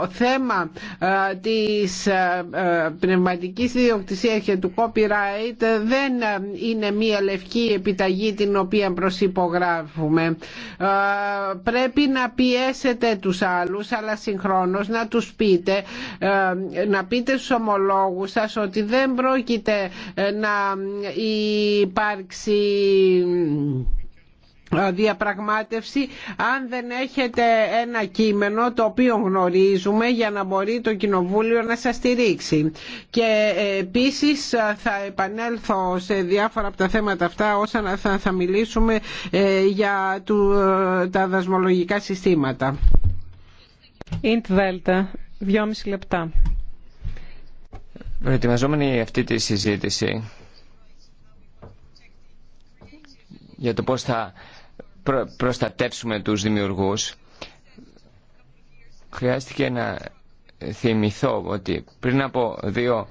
θέμα ε, της ε, πνευματικής ιδιοκτησίας και του copyright δεν είναι μία λευκή επιταγή την οποία προσυπογράφουμε. Πρέπει να πιέσετε τους άλλους αλλά συγχρόνως να τους πείτε να πείτε στους ομολόγους σας ότι δεν πρόκειται να υπάρξει διαπραγμάτευση αν δεν έχετε ένα κείμενο το οποίο γνωρίζουμε για να μπορεί το Κοινοβούλιο να σας στηρίξει. Και ε, επίσης θα επανέλθω σε διάφορα από τα θέματα αυτά όσα θα, θα μιλήσουμε ε, για ε, τα δασμολογικά συστήματα. Ιντ Δέλτα, δυόμιση λεπτά. Προετοιμαζόμενη αυτή τη συζήτηση για το πώς θα προ, προστατεύσουμε τους δημιουργούς χρειάστηκε να θυμηθώ ότι πριν από δύο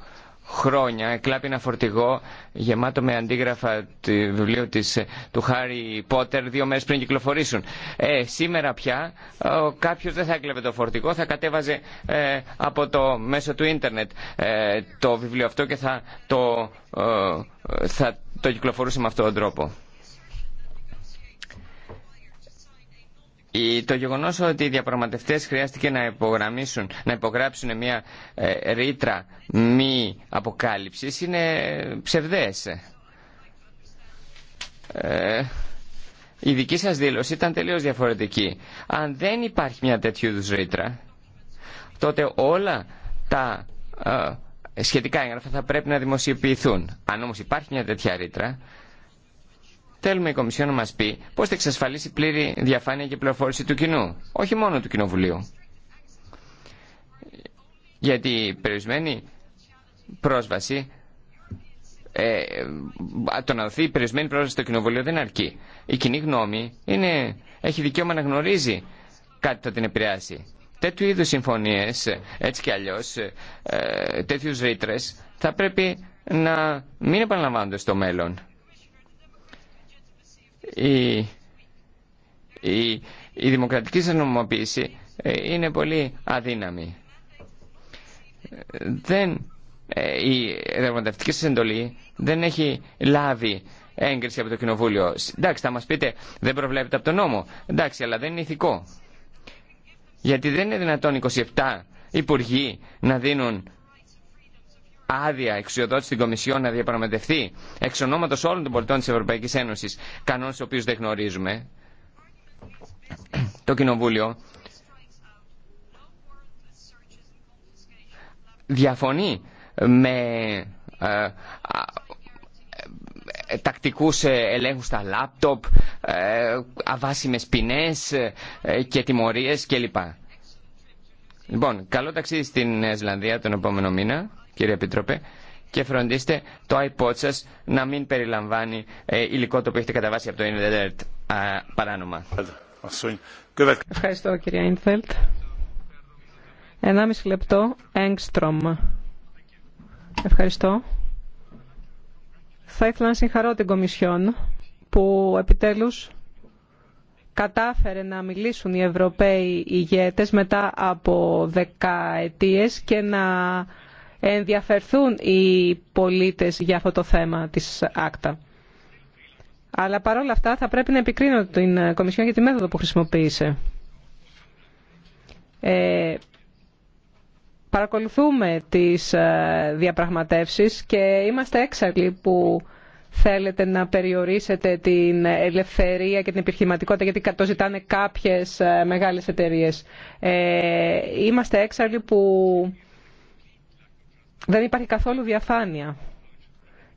χρόνια εκλάπη ένα φορτηγό γεμάτο με αντίγραφα του βιβλίου της, του Χάρι Πότερ δύο μέρες πριν κυκλοφορήσουν. Ε, σήμερα πια ο, κάποιος δεν θα έκλεβε το φορτηγό, θα κατέβαζε ε, από το μέσο του ίντερνετ ε, το βιβλίο αυτό και θα το, ε, θα το κυκλοφορούσε με αυτόν τον τρόπο. Το γεγονό ότι οι διαπραγματευτέ χρειάστηκε να, υπογραμμίσουν, να υπογράψουν μια ε, ρήτρα μη αποκάλυψη, είναι ψευδές. Ε, η δική σας δήλωση ήταν τελείω διαφορετική. Αν δεν υπάρχει μια τέτοιου είδου ρήτρα, τότε όλα τα ε, σχετικά έγγραφα θα πρέπει να δημοσιοποιηθούν. Αν όμως υπάρχει μια τέτοια ρήτρα, Θέλουμε η Κομισιόν να μα πει πώ θα εξασφαλίσει πλήρη διαφάνεια και πληροφόρηση του κοινού, όχι μόνο του Κοινοβουλίου. Γιατί η περιορισμένη πρόσβαση, ε, ε το να δοθεί περιορισμένη πρόσβαση στο Κοινοβουλίο δεν αρκεί. Η κοινή γνώμη είναι, έχει δικαίωμα να γνωρίζει κάτι θα την επηρεάσει. Τέτοιου είδου συμφωνίε, έτσι και αλλιώ, ε, τέτοιου ρήτρε, θα πρέπει να μην επαναλαμβάνονται στο μέλλον η, η, η δημοκρατική συνομοποίηση ε, είναι πολύ αδύναμη. Δεν, ε, η διαπραγματευτική συντολή δεν έχει λάβει έγκριση από το Κοινοβούλιο. Εντάξει, θα μας πείτε, δεν προβλέπεται από τον νόμο. Εντάξει, αλλά δεν είναι ηθικό. Γιατί δεν είναι δυνατόν 27 υπουργοί να δίνουν άδεια εξουσιοδότηση στην Κομισιόν να διαπραγματευτεί εξ ονόματο όλων των πολιτών τη ευρωπαϊκή Ένωση, κανόνε του οποίους δεν γνωρίζουμε, το Κοινοβούλιο διαφωνεί με ε, ε τακτικούς ελέγχους στα λάπτοπ, ε, αβάσιμες ποινές ε, και τιμωρίες κλπ. Λοιπόν, καλό ταξίδι στην Ισλανδία τον επόμενο μήνα κύριε Επίτροπε, και φροντίστε το iPod σας να μην περιλαμβάνει ε, υλικό το οποίο έχετε καταβάσει από το Internet παράνομα. Ευχαριστώ κύριε Ινφελτ. μισή λεπτό, Έγκστρομ. Ευχαριστώ. Θα ήθελα να συγχαρώ την Κομισιόν που επιτέλους κατάφερε να μιλήσουν οι Ευρωπαίοι ηγέτες μετά από δεκαετίες και να ενδιαφερθούν οι πολίτες για αυτό το θέμα της ΑΚΤΑ. Αλλά παρόλα αυτά θα πρέπει να επικρίνω την Κομισιόν για τη μέθοδο που χρησιμοποίησε. Ε, παρακολουθούμε τις ε, διαπραγματεύσεις και είμαστε έξαρλοι που θέλετε να περιορίσετε την ελευθερία και την επιχειρηματικότητα γιατί το ζητάνε κάποιες ε, μεγάλες εταιρείες. Ε, είμαστε έξαλλοι που δεν υπάρχει καθόλου διαφάνεια.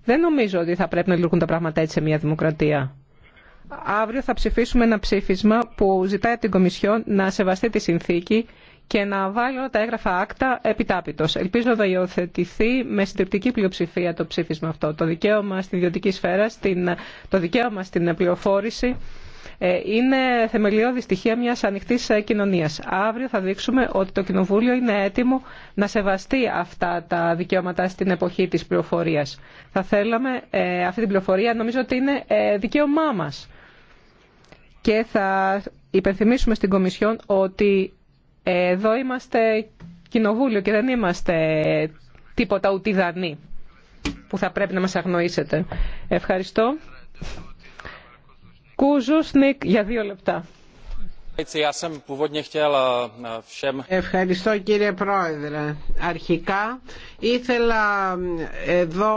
Δεν νομίζω ότι θα πρέπει να λειτουργούν τα πράγματα έτσι σε μια δημοκρατία. Αύριο θα ψηφίσουμε ένα ψήφισμα που ζητάει από την Κομισιόν να σεβαστεί τη συνθήκη και να βάλει όλα τα έγγραφα άκτα επιτάπητο. Ελπίζω να υιοθετηθεί με συντριπτική πλειοψηφία το ψήφισμα αυτό. Το δικαίωμα στην ιδιωτική σφαίρα, το δικαίωμα στην πληροφόρηση ε, είναι θεμελιώδη στοιχεία μιας ανοιχτής ε, κοινωνία. Αύριο θα δείξουμε ότι το Κοινοβούλιο είναι έτοιμο να σεβαστεί αυτά τα δικαιώματα στην εποχή της πληροφορία. Θα θέλαμε ε, αυτή την πληροφορία, νομίζω ότι είναι δικαίωμά μας. Και θα υπενθυμίσουμε στην Κομισιόν ότι εδώ είμαστε κοινοβούλιο και δεν είμαστε τίποτα ουτιδανοί που θα πρέπει να μας αγνοήσετε. Ευχαριστώ σνικ για δύο λεπτά. Eh, Ευχαριστώ κύριε Πρόεδρε. Αρχικά ήθελα εδώ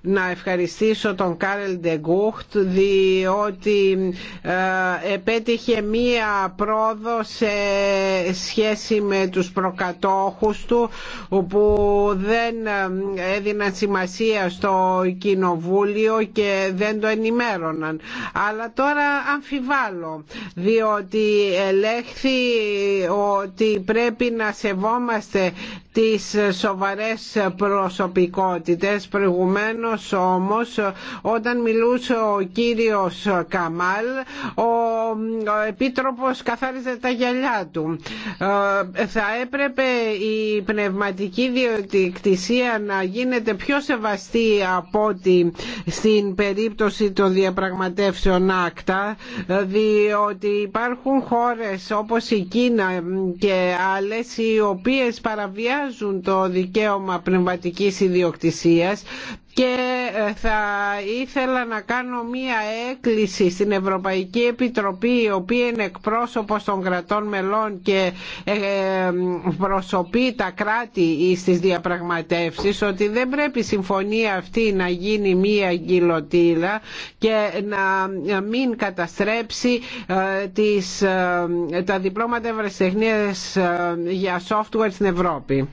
να ευχαριστήσω τον Κάρελ Ντεγκούχτ διότι ε, επέτυχε μία πρόοδο σε σχέση με τους προκατόχους του που δεν ε, έδιναν σημασία στο κοινοβούλιο και δεν το ενημέρωναν. Αλλά τώρα αμφιβάλλω διότι ελέγχθη ότι πρέπει να σεβόμαστε τις σοβαρές προσωπικότητες προηγουμένως όμως όταν μιλούσε ο κύριος Καμάλ ο ο Επίτροπος καθάριζε τα γυαλιά του. Ε, θα έπρεπε η πνευματική ιδιοκτησία να γίνεται πιο σεβαστή από ότι στην περίπτωση των διαπραγματεύσεων άκτα διότι υπάρχουν χώρες όπως η Κίνα και άλλες οι οποίες παραβιάζουν το δικαίωμα πνευματικής ιδιοκτησίας και ε, θα ήθελα να κάνω μία έκκληση στην Ευρωπαϊκή Επιτροπή η οποία είναι εκπρόσωπος των κρατών μελών και ε, προσωπεί τα κράτη στις διαπραγματεύσεις ότι δεν πρέπει η συμφωνία αυτή να γίνει μία γκυλοτήλα και να μην καταστρέψει ε, τις, τα διπλώματα ευρεσιτεχνίας για software στην Ευρώπη.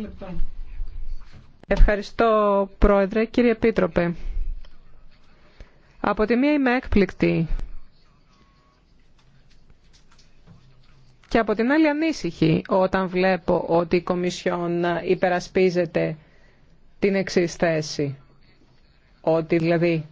λεπτό. Ευχαριστώ, Πρόεδρε. Κύριε Επίτροπε, από τη μία είμαι έκπληκτη και από την άλλη ανήσυχη όταν βλέπω ότι η Κομισιόν υπερασπίζεται την εξή θέση. Ότι δηλαδή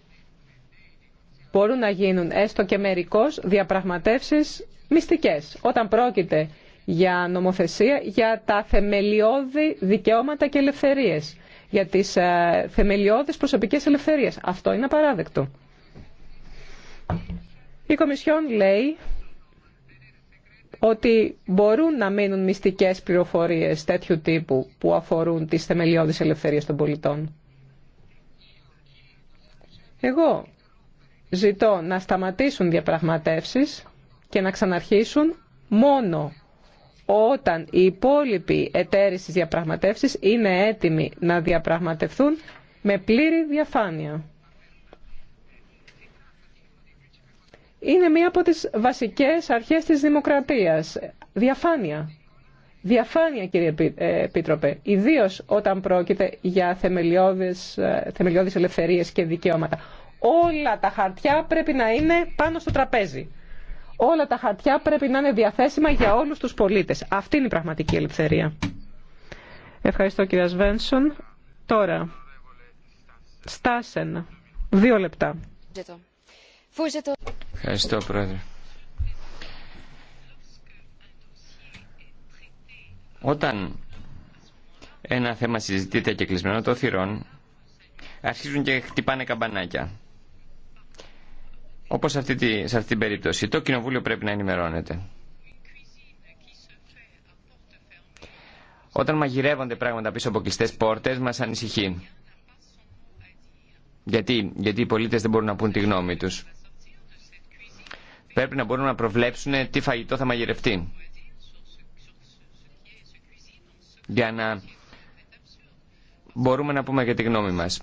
μπορούν να γίνουν έστω και μερικώς διαπραγματεύσεις μυστικές. Όταν πρόκειται για νομοθεσία για τα θεμελιώδη δικαιώματα και ελευθερίες, για τις ε, θεμελιώδεις προσωπικές ελευθερίες. Αυτό είναι απαράδεκτο. Η Κομισιόν λέει ότι μπορούν να μείνουν μυστικές πληροφορίες τέτοιου τύπου που αφορούν τις θεμελιώδεις ελευθερίες των πολιτών. Εγώ ζητώ να σταματήσουν διαπραγματεύσεις και να ξαναρχίσουν μόνο όταν οι υπόλοιποι εταίροι στις διαπραγματεύσεις είναι έτοιμοι να διαπραγματευτούν με πλήρη διαφάνεια. Είναι μία από τις βασικές αρχές της δημοκρατίας. Διαφάνεια. Διαφάνεια, κύριε ε, Επίτροπε, ιδίω όταν πρόκειται για θεμελιώδεις, ε, θεμελιώδεις ελευθερίες και δικαιώματα. Όλα τα χαρτιά πρέπει να είναι πάνω στο τραπέζι όλα τα χαρτιά πρέπει να είναι διαθέσιμα για όλους τους πολίτες. Αυτή είναι η πραγματική ελευθερία. Ευχαριστώ κυρία Σβένσον. Τώρα, Στάσεν, δύο λεπτά. Ευχαριστώ πρόεδρε. Όταν ένα θέμα συζητείται και κλεισμένο το θυρών, αρχίζουν και χτυπάνε καμπανάκια. Όπως σε αυτή, σε αυτή την περίπτωση, το Κοινοβούλιο πρέπει να ενημερώνεται. Όταν μαγειρεύονται πράγματα πίσω από κλειστέ πόρτες, μας ανησυχεί. Γιατί, γιατί οι πολίτες δεν μπορούν να πούν τη γνώμη τους. Πρέπει να μπορούν να προβλέψουν τι φαγητό θα μαγειρευτεί. Για να μπορούμε να πούμε για τη γνώμη μας.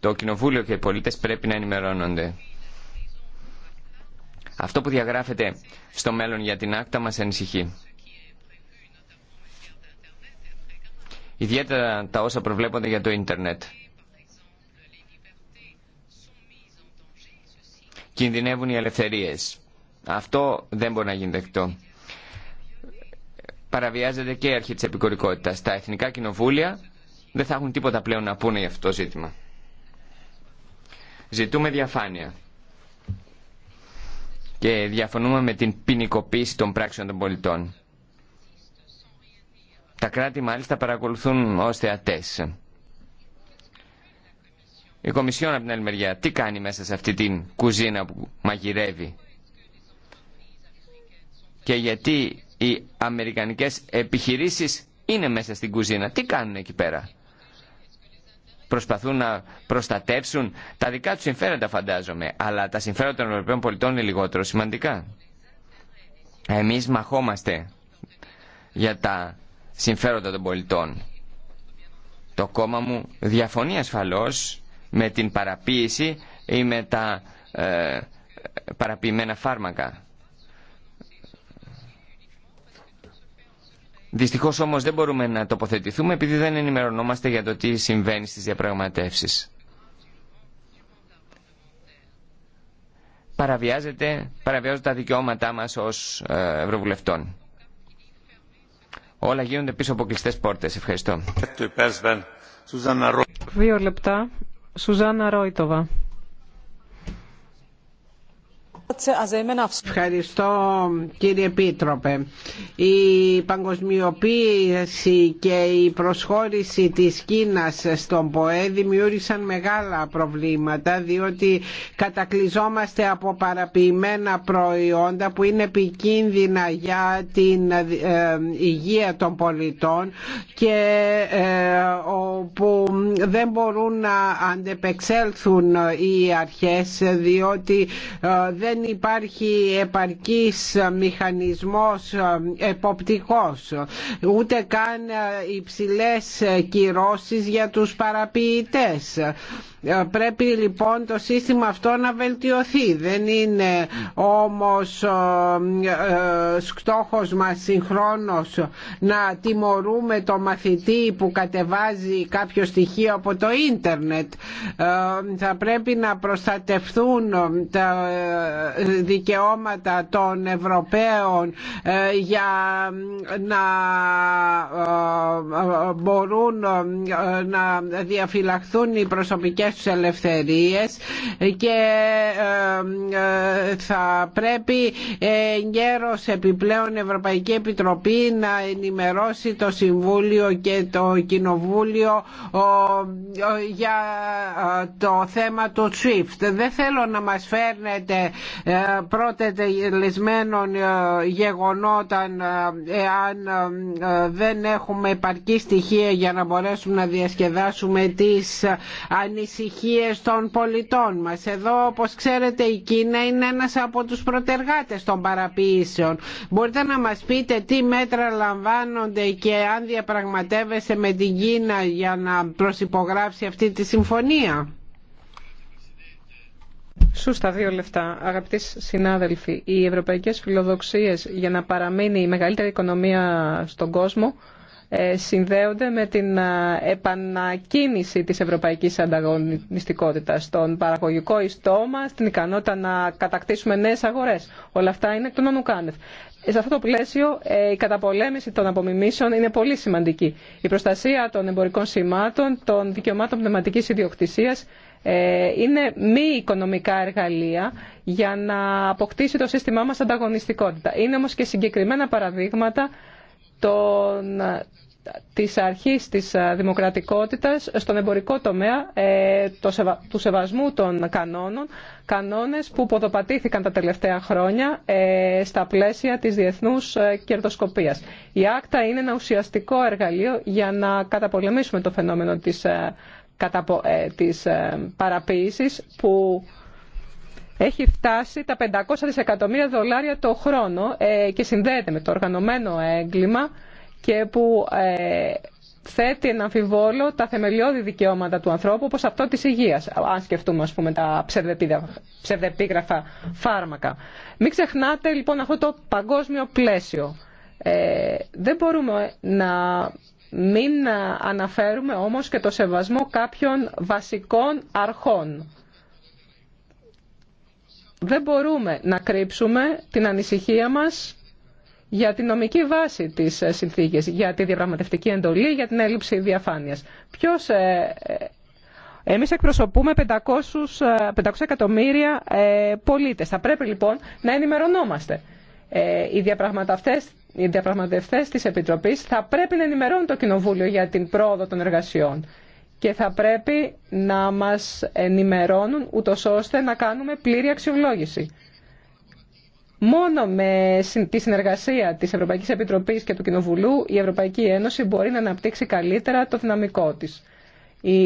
Το Κοινοβούλιο και οι πολίτε πρέπει να ενημερώνονται. Αυτό που διαγράφεται στο μέλλον για την άκτα μας ανησυχεί. Ιδιαίτερα τα όσα προβλέπονται για το ίντερνετ. Κινδυνεύουν οι ελευθερίες. Αυτό δεν μπορεί να γίνει δεκτό. Παραβιάζεται και η αρχή της επικορικότητας. Τα εθνικά κοινοβούλια δεν θα έχουν τίποτα πλέον να πούνε για αυτό το ζήτημα. Ζητούμε διαφάνεια και διαφωνούμε με την ποινικοποίηση των πράξεων των πολιτών. Τα κράτη μάλιστα παρακολουθούν ως θεατές. Η Κομισιόν από την άλλη μεριά τι κάνει μέσα σε αυτή την κουζίνα που μαγειρεύει και γιατί οι αμερικανικές επιχειρήσεις είναι μέσα στην κουζίνα. Τι κάνουν εκεί πέρα προσπαθούν να προστατεύσουν τα δικά τους συμφέροντα φαντάζομαι, αλλά τα συμφέροντα των Ευρωπαίων πολιτών είναι λιγότερο σημαντικά. Εμείς μαχόμαστε για τα συμφέροντα των πολιτών. Το κόμμα μου διαφωνεί ασφαλώ με την παραποίηση ή με τα ε, παραποιημένα φάρμακα. Δυστυχώ όμω δεν μπορούμε να τοποθετηθούμε επειδή δεν ενημερωνόμαστε για το τι συμβαίνει στι διαπραγματεύσει. Παραβιάζεται, παραβιάζονται τα δικαιώματά μας ως ε, ευρωβουλευτών. Όλα γίνονται πίσω από κλειστέ πόρτες. Ευχαριστώ. Δύο λεπτά. Σουζάννα Ρόιτοβα. Ευχαριστώ κύριε πίτροπε. Η παγκοσμιοποίηση και η προσχώρηση της Κίνας στον ΠΟΕ δημιούργησαν μεγάλα προβλήματα διότι κατακλυζόμαστε από παραποιημένα προϊόντα που είναι επικίνδυνα για την ε, υγεία των πολιτών και ε, που δεν μπορούν να αντεπεξέλθουν οι αρχές διότι ε, δεν δεν υπάρχει επαρκής μηχανισμός εποπτικός ούτε καν υψηλές κυρώσεις για τους παραποιητές ε, πρέπει λοιπόν το σύστημα αυτό να βελτιωθεί. Δεν είναι όμως ε, ε, στόχος μας συγχρόνως να τιμωρούμε το μαθητή που κατεβάζει κάποιο στοιχείο από το ίντερνετ. Θα πρέπει να προστατευθούν τα δικαιώματα των Ευρωπαίων για να μπορούν να διαφυλαχθούν οι προσωπικές τους ελευθερίες και ε, θα πρέπει ε, γέρος επιπλέον Ευρωπαϊκή Επιτροπή να ενημερώσει το Συμβούλιο και το Κοινοβούλιο για ε, το θέμα του SWIFT. Δεν θέλω να μας φέρνετε πρώτε τελεσμένων γεγονόταν εάν δεν έχουμε επαρκή στοιχεία για να μπορέσουμε να διασκεδάσουμε τις ανησυχίες ανησυχίες των πολιτών μας. Εδώ όπως ξέρετε η Κίνα είναι ένας από τους προτεργάτες των παραποιήσεων. Μπορείτε να μας πείτε τι μέτρα λαμβάνονται και αν διαπραγματεύεστε με την Κίνα για να προσυπογράψει αυτή τη συμφωνία. Σου στα δύο λεφτά, αγαπητοί συνάδελφοι, οι ευρωπαϊκές φιλοδοξίες για να παραμείνει η μεγαλύτερη οικονομία στον κόσμο ε, συνδέονται με την ε, επανακίνηση της ευρωπαϊκής ανταγωνιστικότητας, στον παραγωγικό ιστό μας, την ικανότητα να κατακτήσουμε νέες αγορές. Όλα αυτά είναι εκ των ε, Σε αυτό το πλαίσιο η καταπολέμηση των απομιμήσεων είναι πολύ σημαντική. Η προστασία των εμπορικών σημάτων, των δικαιωμάτων πνευματικής ιδιοκτησίας είναι μη οικονομικά εργαλεία για να αποκτήσει το σύστημά μας ανταγωνιστικότητα. Είναι όμως και συγκεκριμένα παραδείγματα των, της αρχής της δημοκρατικότητας στον εμπορικό τομέα ε, του σεβασμού των κανόνων, κανόνες που ποδοπατήθηκαν τα τελευταία χρόνια ε, στα πλαίσια της διεθνούς ε, κερδοσκοπίας. Η άκτα είναι ένα ουσιαστικό εργαλείο για να καταπολεμήσουμε το φαινόμενο της, καταπο, της παραποίησης που έχει φτάσει τα 500 δισεκατομμύρια δολάρια το χρόνο ε, και συνδέεται με το οργανωμένο έγκλημα και που ε, θέτει εν αμφιβόλο τα θεμελιώδη δικαιώματα του ανθρώπου όπως αυτό της υγείας, αν σκεφτούμε ας πούμε τα ψευδεπίγραφα φάρμακα. Μην ξεχνάτε λοιπόν αυτό το παγκόσμιο πλαίσιο. Ε, δεν μπορούμε να μην αναφέρουμε όμως και το σεβασμό κάποιων βασικών αρχών δεν μπορούμε να κρύψουμε την ανησυχία μας για τη νομική βάση της ε, συνθήκης, για τη διαπραγματευτική εντολή, για την έλλειψη διαφάνειας. Ποιος, ε, ε, εμείς εκπροσωπούμε 500, εκατομμύρια πολίτες. Θα πρέπει λοιπόν να ενημερωνόμαστε. οι διαπραγματευτές οι διαπραγματευτέ τη Επιτροπή θα πρέπει να ενημερώνουν το Κοινοβούλιο για την πρόοδο των εργασιών και θα πρέπει να μας ενημερώνουν ούτω ώστε να κάνουμε πλήρη αξιολόγηση. Μόνο με τη συνεργασία της Ευρωπαϊκής Επιτροπής και του Κοινοβουλού η Ευρωπαϊκή Ένωση μπορεί να αναπτύξει καλύτερα το δυναμικό της.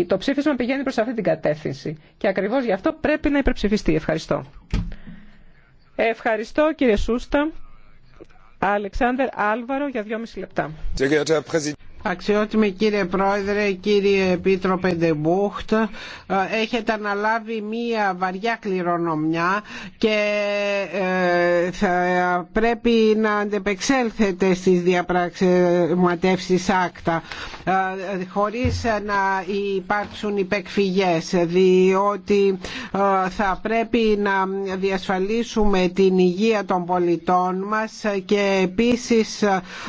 Το ψήφισμα πηγαίνει προς αυτή την κατεύθυνση και ακριβώς γι' αυτό πρέπει να υπερψηφιστεί. Ευχαριστώ. Ευχαριστώ κύριε Σούστα. Αλεξάνδρ Άλβαρο για δυόμιση λεπτά. Αξιότιμη κύριε Πρόεδρε, κύριε Επίτροπε Ντεμπούχτ, έχετε αναλάβει μία βαριά κληρονομιά και ε, θα πρέπει να αντεπεξέλθετε στις διαπραγματεύσεις άκτα ε, χωρίς να υπάρξουν υπεκφυγές διότι ε, θα πρέπει να διασφαλίσουμε την υγεία των πολιτών μας και επίσης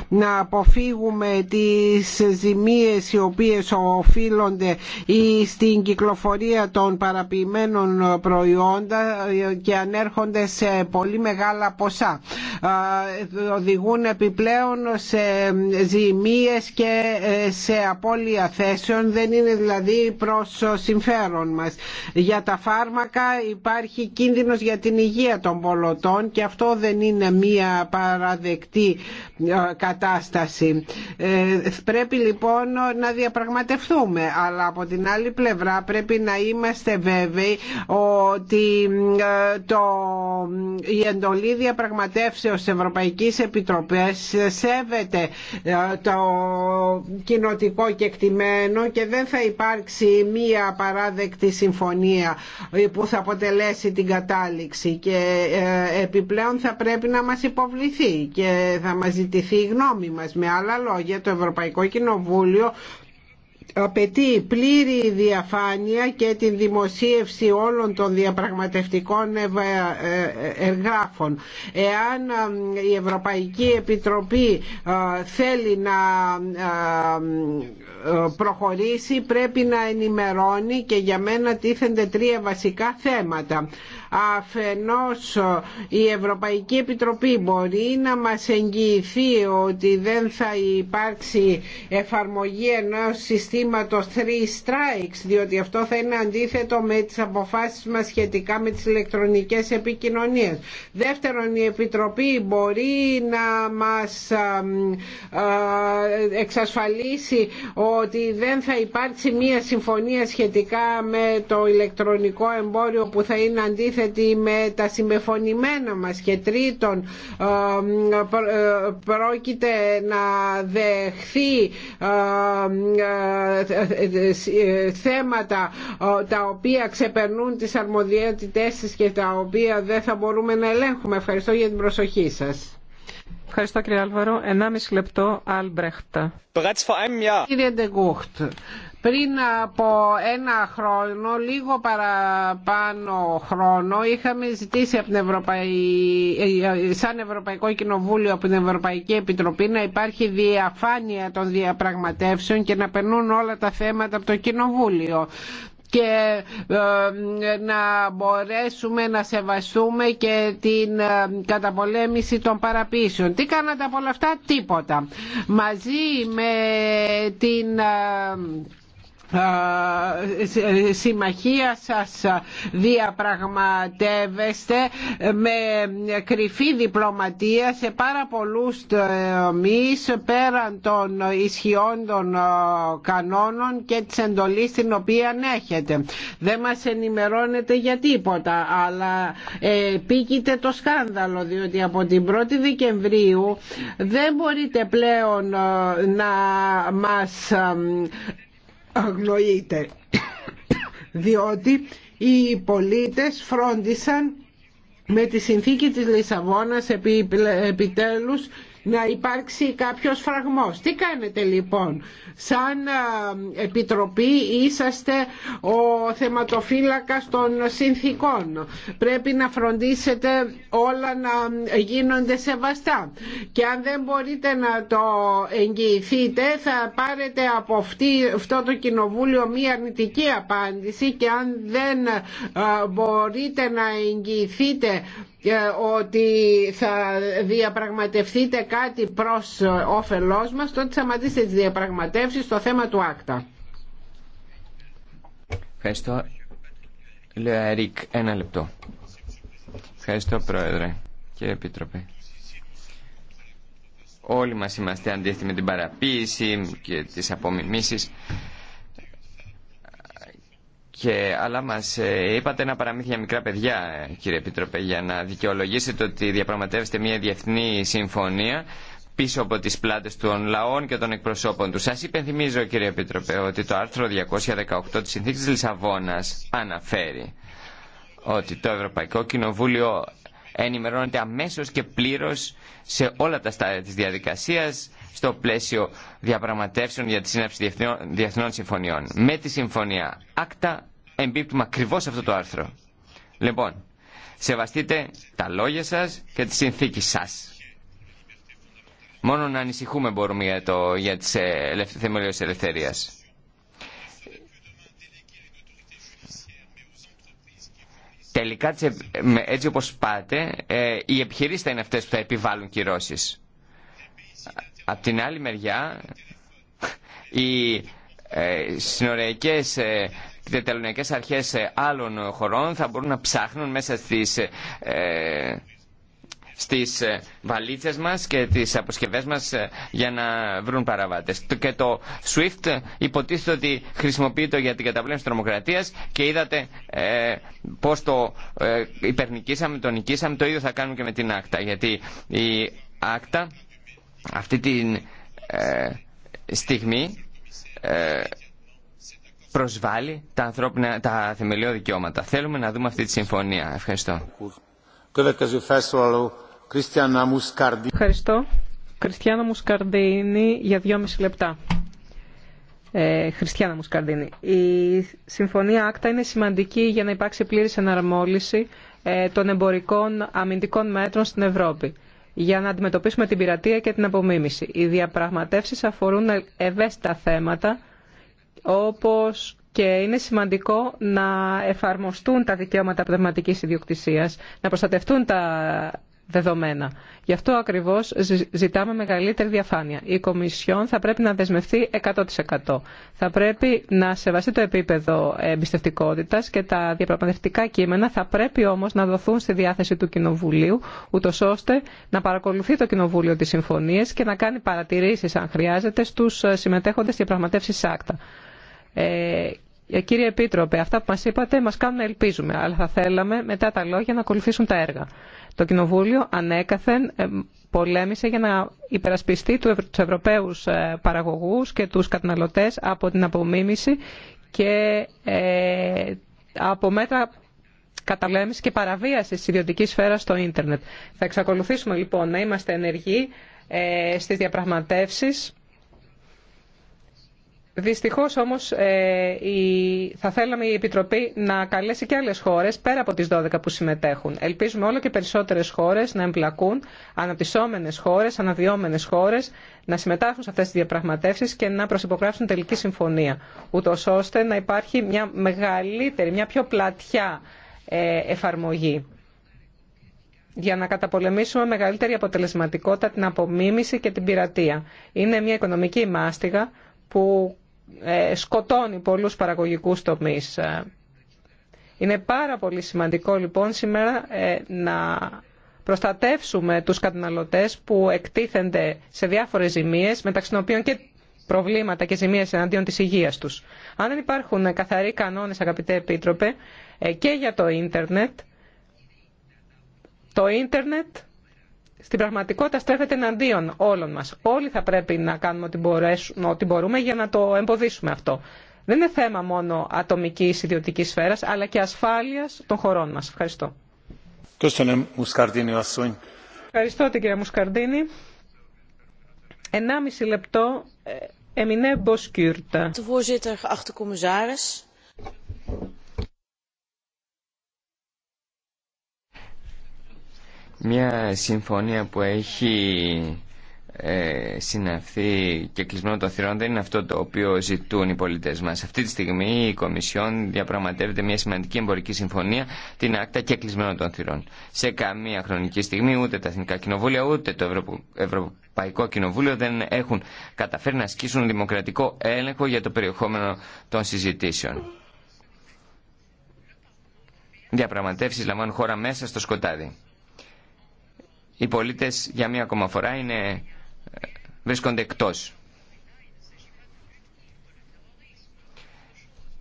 να αποφύγουμε τις τις ζημίες οι οποίες οφείλονται στην κυκλοφορία των παραποιημένων προϊόντα και ανέρχονται σε πολύ μεγάλα ποσά. Οδηγούν επιπλέον σε ζημίες και ε, σε απώλεια θέσεων, δεν είναι δηλαδή προς συμφέρον μας. Για τα φάρμακα υπάρχει κίνδυνος για την υγεία των πολωτών και αυτό δεν είναι μία παραδεκτή ε, κατάσταση. Ε, Πρέπει λοιπόν να διαπραγματευτούμε, αλλά από την άλλη πλευρά πρέπει να είμαστε βέβαιοι ότι ε, το, η εντολή διαπραγματεύσεως της Ευρωπαϊκής Επιτροπής σέβεται ε, το κοινοτικό κεκτημένο και δεν θα υπάρξει μία παράδεκτη συμφωνία που θα αποτελέσει την κατάληξη και ε, επιπλέον θα πρέπει να μας υποβληθεί και θα μας ζητηθεί η γνώμη μας. Με άλλα λόγια το Ευρωπαϊκό Ευρωπαϊκό Κοινοβούλιο απαιτεί πλήρη διαφάνεια και την δημοσίευση όλων των διαπραγματευτικών εργάφων. Ε, Εάν ε, η Ευρωπαϊκή Επιτροπή ε, θέλει να προχωρήσει πρέπει να ενημερώνει και για μένα τίθενται τρία βασικά θέματα. Αφενός η Ευρωπαϊκή Επιτροπή μπορεί να μας εγγυηθεί ότι δεν θα υπάρξει εφαρμογή ενός συστήματος το Three Strikes διότι αυτό θα είναι αντίθετο με τις αποφάσεις μας σχετικά με τις ηλεκτρονικές επικοινωνίες. Δεύτερον, η Επιτροπή μπορεί να μας εξασφαλίσει ότι δεν θα υπάρξει μία συμφωνία σχετικά με το ηλεκτρονικό εμπόριο που θα είναι αντίθετη με τα συμπεφωνημένα μας. Και τρίτον, ε, πρόκειται να δεχθεί θέματα τα οποία ξεπερνούν τις αρμοδιότητές της και τα οποία δεν θα μπορούμε να ελέγχουμε. Ευχαριστώ για την προσοχή σας. Ευχαριστώ κύριε Άλβαρο. 1,5 λεπτό, Άλμπρεχτα. Κύριε Ντεγκούχτ, πριν από ένα χρόνο, λίγο παραπάνω χρόνο, είχαμε ζητήσει από την Ευρωπαϊ... σαν Ευρωπαϊκό Κοινοβούλιο από την Ευρωπαϊκή Επιτροπή να υπάρχει διαφάνεια των διαπραγματεύσεων και να περνούν όλα τα θέματα από το Κοινοβούλιο και ε, να μπορέσουμε να σεβαστούμε και την ε, καταπολέμηση των παραπίσεων. Τι κάνατε από όλα αυτά, τίποτα. Μαζί με την ε, ε, συμμαχία σας διαπραγματεύεστε με κρυφή διπλωματία σε πάρα πολλούς τομείς πέραν των ισχυών των ε, κανόνων και της εντολής την οποία έχετε. Δεν μας ενημερώνετε για τίποτα αλλά πήγεται το σκάνδαλο διότι από την 1η Δεκεμβρίου δεν μπορείτε πλέον ε, να μας αγνοείται διότι οι πολίτες φρόντισαν με τη συνθήκη της Λισαβόνας επιτέλους να υπάρξει κάποιος φραγμός. Τι κάνετε λοιπόν, σαν Επιτροπή είσαστε ο θεματοφύλακας των συνθήκων. Πρέπει να φροντίσετε όλα να γίνονται σεβαστά. Και αν δεν μπορείτε να το εγγυηθείτε θα πάρετε από αυτή, αυτό το κοινοβούλιο μία αρνητική απάντηση και αν δεν μπορείτε να εγγυηθείτε ε, ότι θα διαπραγματευτείτε κάτι προς όφελός μας τότε σταματήστε τις διαπραγματεύσεις στο θέμα του ΆΚΤΑ Ευχαριστώ Λέω Ερικ ένα λεπτό Ευχαριστώ Πρόεδρε και Επίτροπε Όλοι μας είμαστε αντίθετοι με την παραποίηση και τις απομιμήσεις και, αλλά μας ε, είπατε ένα παραμύθι για μικρά παιδιά, ε, κύριε Επιτροπέ, για να δικαιολογήσετε ότι διαπραγματεύεστε μια διεθνή συμφωνία πίσω από τι πλάτε των λαών και των εκπροσώπων του. Σα υπενθυμίζω, κύριε Επιτροπέ, ότι το άρθρο 218 τη συνθήκη τη Λισαβόνας αναφέρει ότι το Ευρωπαϊκό Κοινοβούλιο ενημερώνεται αμέσως και πλήρως σε όλα τα στάδια της διαδικασίας στο πλαίσιο διαπραγματεύσεων για τη σύναψη διεθνών συμφωνιών. Με τη συμφωνία ΑΚΤΑ εμπίπτουμε ακριβώ σε αυτό το άρθρο. Λοιπόν, σεβαστείτε τα λόγια σας και τη συνθήκη σας. Μόνο να ανησυχούμε μπορούμε για, το, για τις ε, θεμελιώσεις ελευθερίας. Τελικά, έτσι όπως πάτε, ε, οι επιχειρήσεις θα είναι αυτές που θα επιβάλλουν κυρώσεις. Απ' την άλλη μεριά, οι ε, συνοριακές διατελωνιακές αρχές ε, άλλων χωρών θα μπορούν να ψάχνουν μέσα στις, ε, στις ε, βαλίτσες μας και τις αποσκευές μας ε, για να βρουν παραβάτες. Και το SWIFT υποτίθεται ότι χρησιμοποιείται για την τη τρομοκρατίας και είδατε ε, πώς το ε, υπερνικήσαμε, το νικήσαμε, το ίδιο θα κάνουμε και με την άκτα. Γιατί η άκτα αυτή τη στιγμή προσβάλλει τα, ανθρώπινα, τα θεμελιώδη δικαιώματα. Θέλουμε να δούμε αυτή τη συμφωνία. Ευχαριστώ. Ευχαριστώ. Κριστιανά Μουσκαρδίνη για δυόμιση λεπτά. Ε, Χριστιανά Μουσκαρδίνη. Η συμφωνία άκτα είναι σημαντική για να υπάρξει πλήρης εναρμόληση ε, των εμπορικών αμυντικών μέτρων στην Ευρώπη για να αντιμετωπίσουμε την πειρατεία και την απομίμηση. Οι διαπραγματεύσεις αφορούν ευαίσθητα θέματα όπως και είναι σημαντικό να εφαρμοστούν τα δικαιώματα πνευματικής ιδιοκτησίας, να προστατευτούν τα δεδομένα. Γι' αυτό ακριβώς ζητάμε μεγαλύτερη διαφάνεια. Η Κομισιόν θα πρέπει να δεσμευτεί 100%. Θα πρέπει να σεβαστεί το επίπεδο εμπιστευτικότητας και τα διαπραγματευτικά κείμενα θα πρέπει όμως να δοθούν στη διάθεση του Κοινοβουλίου, ούτω ώστε να παρακολουθεί το Κοινοβούλιο τις συμφωνίες και να κάνει παρατηρήσεις αν χρειάζεται στους συμμετέχοντες διαπραγματεύσεις άκτα. Ε, ε, κύριε Επίτροπε, αυτά που μα είπατε μας κάνουν να ελπίζουμε, αλλά θα θέλαμε μετά τα λόγια να ακολουθήσουν τα έργα. Το Κοινοβούλιο ανέκαθεν ε, πολέμησε για να υπερασπιστεί του Ευρωπαίους ε, παραγωγούς και τους καταναλωτές από την απομίμηση και από μέτρα καταλέμηση και παραβίαση της ιδιωτικής σφαίρας στο ίντερνετ. Θα εξακολουθήσουμε λοιπόν να είμαστε ενεργοί στις διαπραγματεύσεις Δυστυχώς όμως ε, θα θέλαμε η Επιτροπή να καλέσει και άλλες χώρες πέρα από τις 12 που συμμετέχουν. Ελπίζουμε όλο και περισσότερες χώρες να εμπλακούν, αναπτυσσόμενες χώρες, αναδυόμενες χώρες, να συμμετάσχουν σε αυτές τις διαπραγματεύσεις και να προσυπογράψουν τελική συμφωνία. Ούτως ώστε να υπάρχει μια μεγαλύτερη, μια πιο πλατιά ε, εφαρμογή για να καταπολεμήσουμε μεγαλύτερη αποτελεσματικότητα την απομίμηση και την πειρατεία. Είναι μια οικονομική μάστιγα που ε, σκοτώνει πολλούς παραγωγικούς τομείς. Ε, είναι πάρα πολύ σημαντικό λοιπόν σήμερα ε, να προστατεύσουμε τους καταναλωτές που εκτίθενται σε διάφορες ζημίες, μεταξύ των οποίων και προβλήματα και ζημίες εναντίον της υγείας τους. Αν δεν υπάρχουν καθαροί κανόνες, αγαπητέ Επίτροπε, και για το ίντερνετ, το ίντερνετ στην πραγματικότητα στρέφεται εναντίον όλων μας. Όλοι θα πρέπει να κάνουμε ό,τι, ό,τι μπορούμε για να το εμποδίσουμε αυτό. Δεν είναι θέμα μόνο ατομικής ιδιωτικής σφαίρας, αλλά και ασφάλειας των χωρών μας. Ευχαριστώ. Ευχαριστώ την κυρία Μουσκαρδίνη. 1,5 λεπτό, ε, Εμινέ Μποσκιούρτα. Μια συμφωνία που έχει ε, συναυθεί και κλεισμένο το θηρόν δεν είναι αυτό το οποίο ζητούν οι πολίτες μας. Αυτή τη στιγμή η Κομισιόν διαπραγματεύεται μια σημαντική εμπορική συμφωνία, την άκτα και κλεισμένο των θηρών. Σε καμία χρονική στιγμή ούτε τα Εθνικά Κοινοβούλια ούτε το Ευρωπαϊκό Κοινοβούλιο δεν έχουν καταφέρει να ασκήσουν δημοκρατικό έλεγχο για το περιεχόμενο των συζητήσεων. Διαπραγματεύσεις λαμβάνουν χώρα μέσα στο σκοτάδι οι πολίτες για μία ακόμα φορά είναι, ε, βρίσκονται εκτός.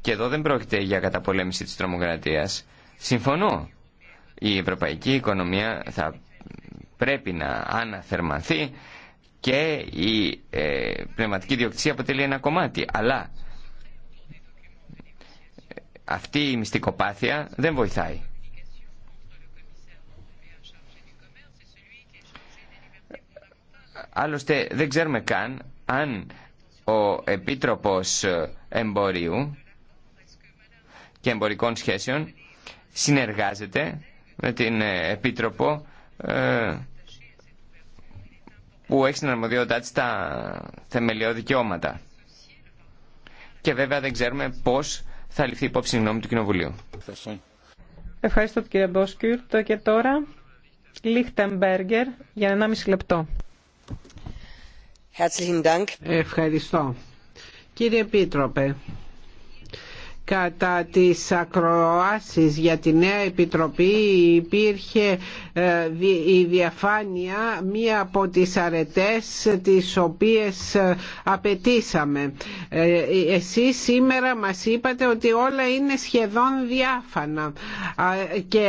Και εδώ δεν πρόκειται για καταπολέμηση της τρομοκρατίας. Συμφωνώ. Η ευρωπαϊκή οικονομία θα πρέπει να αναθερμανθεί και η ε, πνευματική διοκτησία αποτελεί ένα κομμάτι. Αλλά ε, αυτή η μυστικοπάθεια δεν βοηθάει. Άλλωστε δεν ξέρουμε καν αν ο Επίτροπος Εμπορίου και Εμπορικών Σχέσεων συνεργάζεται με την Επίτροπο ε, που έχει στην αρμοδιότητά της τα θεμελιώδη δικαιώματα. Και βέβαια δεν ξέρουμε πώς θα ληφθεί υπόψη η γνώμη του Κοινοβουλίου. Ευχαριστώ κύριε Το και τώρα Λίχτεμπεργκερ για 1,5 λεπτό. Ευχαριστώ. Κύριε Επίτροπε, κατά τις ακροάσεις για τη νέα επιτροπή υπήρχε ε, η διαφάνεια μία από τις αρετές τις οποίες ε, απαιτήσαμε. Ε, εσείς σήμερα μας είπατε ότι όλα είναι σχεδόν διάφανα και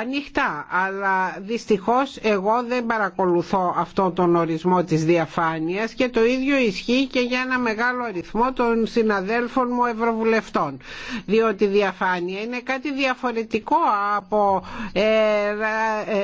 ανοιχτά αλλά δυστυχώς εγώ δεν παρακολουθώ αυτό τον ορισμό της διαφάνειας και το ίδιο ισχύει και για ένα μεγάλο αριθμό των συναδέλφων μου ευρωβουλευτών διότι διαφάνεια είναι κάτι διαφορετικό από ε, ε,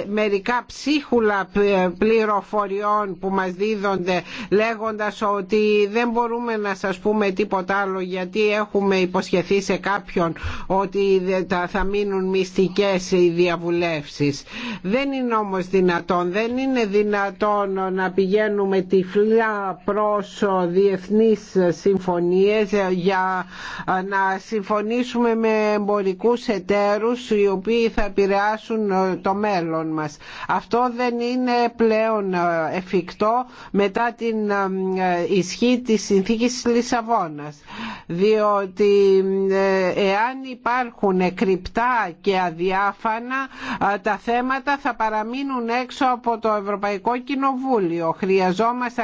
μερικά ψίχουλα ε, πληροφοριών που μας δίδονται λέγοντας ότι δεν μπορούμε να σας πούμε τίποτα άλλο γιατί έχουμε υποσχεθεί σε κάποιον ότι θα μείνουν μυστικές οι διαβουλεύσεις. Δεν είναι όμως δυνατόν, δεν είναι δυνατόν να πηγαίνουμε τυφλά προς διεθνείς συμφωνίες για να συμφωνήσουμε με εμπορικούς εταίρους οι οποίοι θα επηρεάσουν ε, το μέλλον μας. Αυτό δεν είναι πλέον ε, εφικτό μετά την ε, ισχύ της συνθήκης της Λισαβόνας. Διότι εάν υπάρχουν κρυπτά και αδιάφανα τα θέματα θα παραμείνουν έξω από το Ευρωπαϊκό Κοινοβούλιο. Χρειαζόμαστε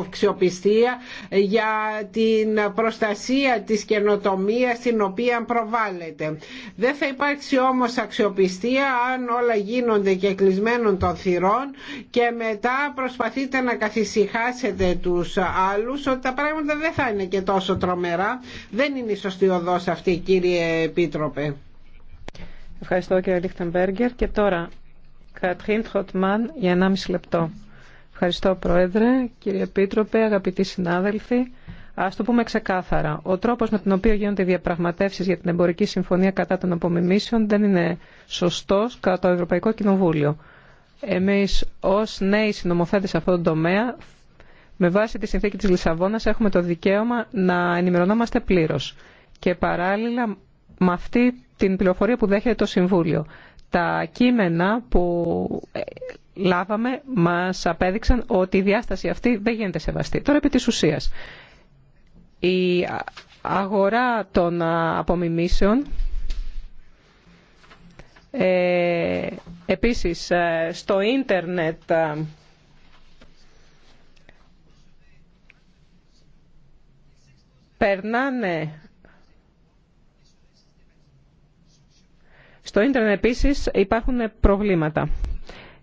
αξιοπιστία για την προστασία της καινοτομίας στην οποία προβάλλεται. Δεν θα υπάρξει όμως αξιοπιστία αν όλα γίνονται και κλεισμένων των θυρών και μετά προσπαθείτε να καθησυχάσετε τους άλλους ότι τα πράγματα δεν θα είναι και τόσο τρομερά. Δεν είναι η σωστή οδός αυτή κύριε Επίτροπε. Ευχαριστώ κύριε Λίχτεμπέργκερ. Και τώρα, Κατρίν Τροτμάν για 1,5 λεπτό. Ευχαριστώ Πρόεδρε, κύριε Επίτροπε, αγαπητοί συνάδελφοι. Α το πούμε ξεκάθαρα. Ο τρόπο με τον οποίο γίνονται οι διαπραγματεύσει για την εμπορική συμφωνία κατά των απομιμήσεων δεν είναι σωστό κατά το Ευρωπαϊκό Κοινοβούλιο. Εμεί ω νέοι συνομοθέτε σε αυτόν τον τομέα, με βάση τη συνθήκη τη Λισαβόνα, έχουμε το δικαίωμα να ενημερωνόμαστε πλήρω. Και παράλληλα με αυτή την πληροφορία που δέχεται το Συμβούλιο. Τα κείμενα που ε, λάβαμε μας απέδειξαν ότι η διάσταση αυτή δεν γίνεται σεβαστή. Τώρα επί της ουσίας. Η αγορά των απομιμήσεων ε, επίσης ε, στο ίντερνετ ε, περνάνε στο ίντερνετ επίσης υπάρχουν προβλήματα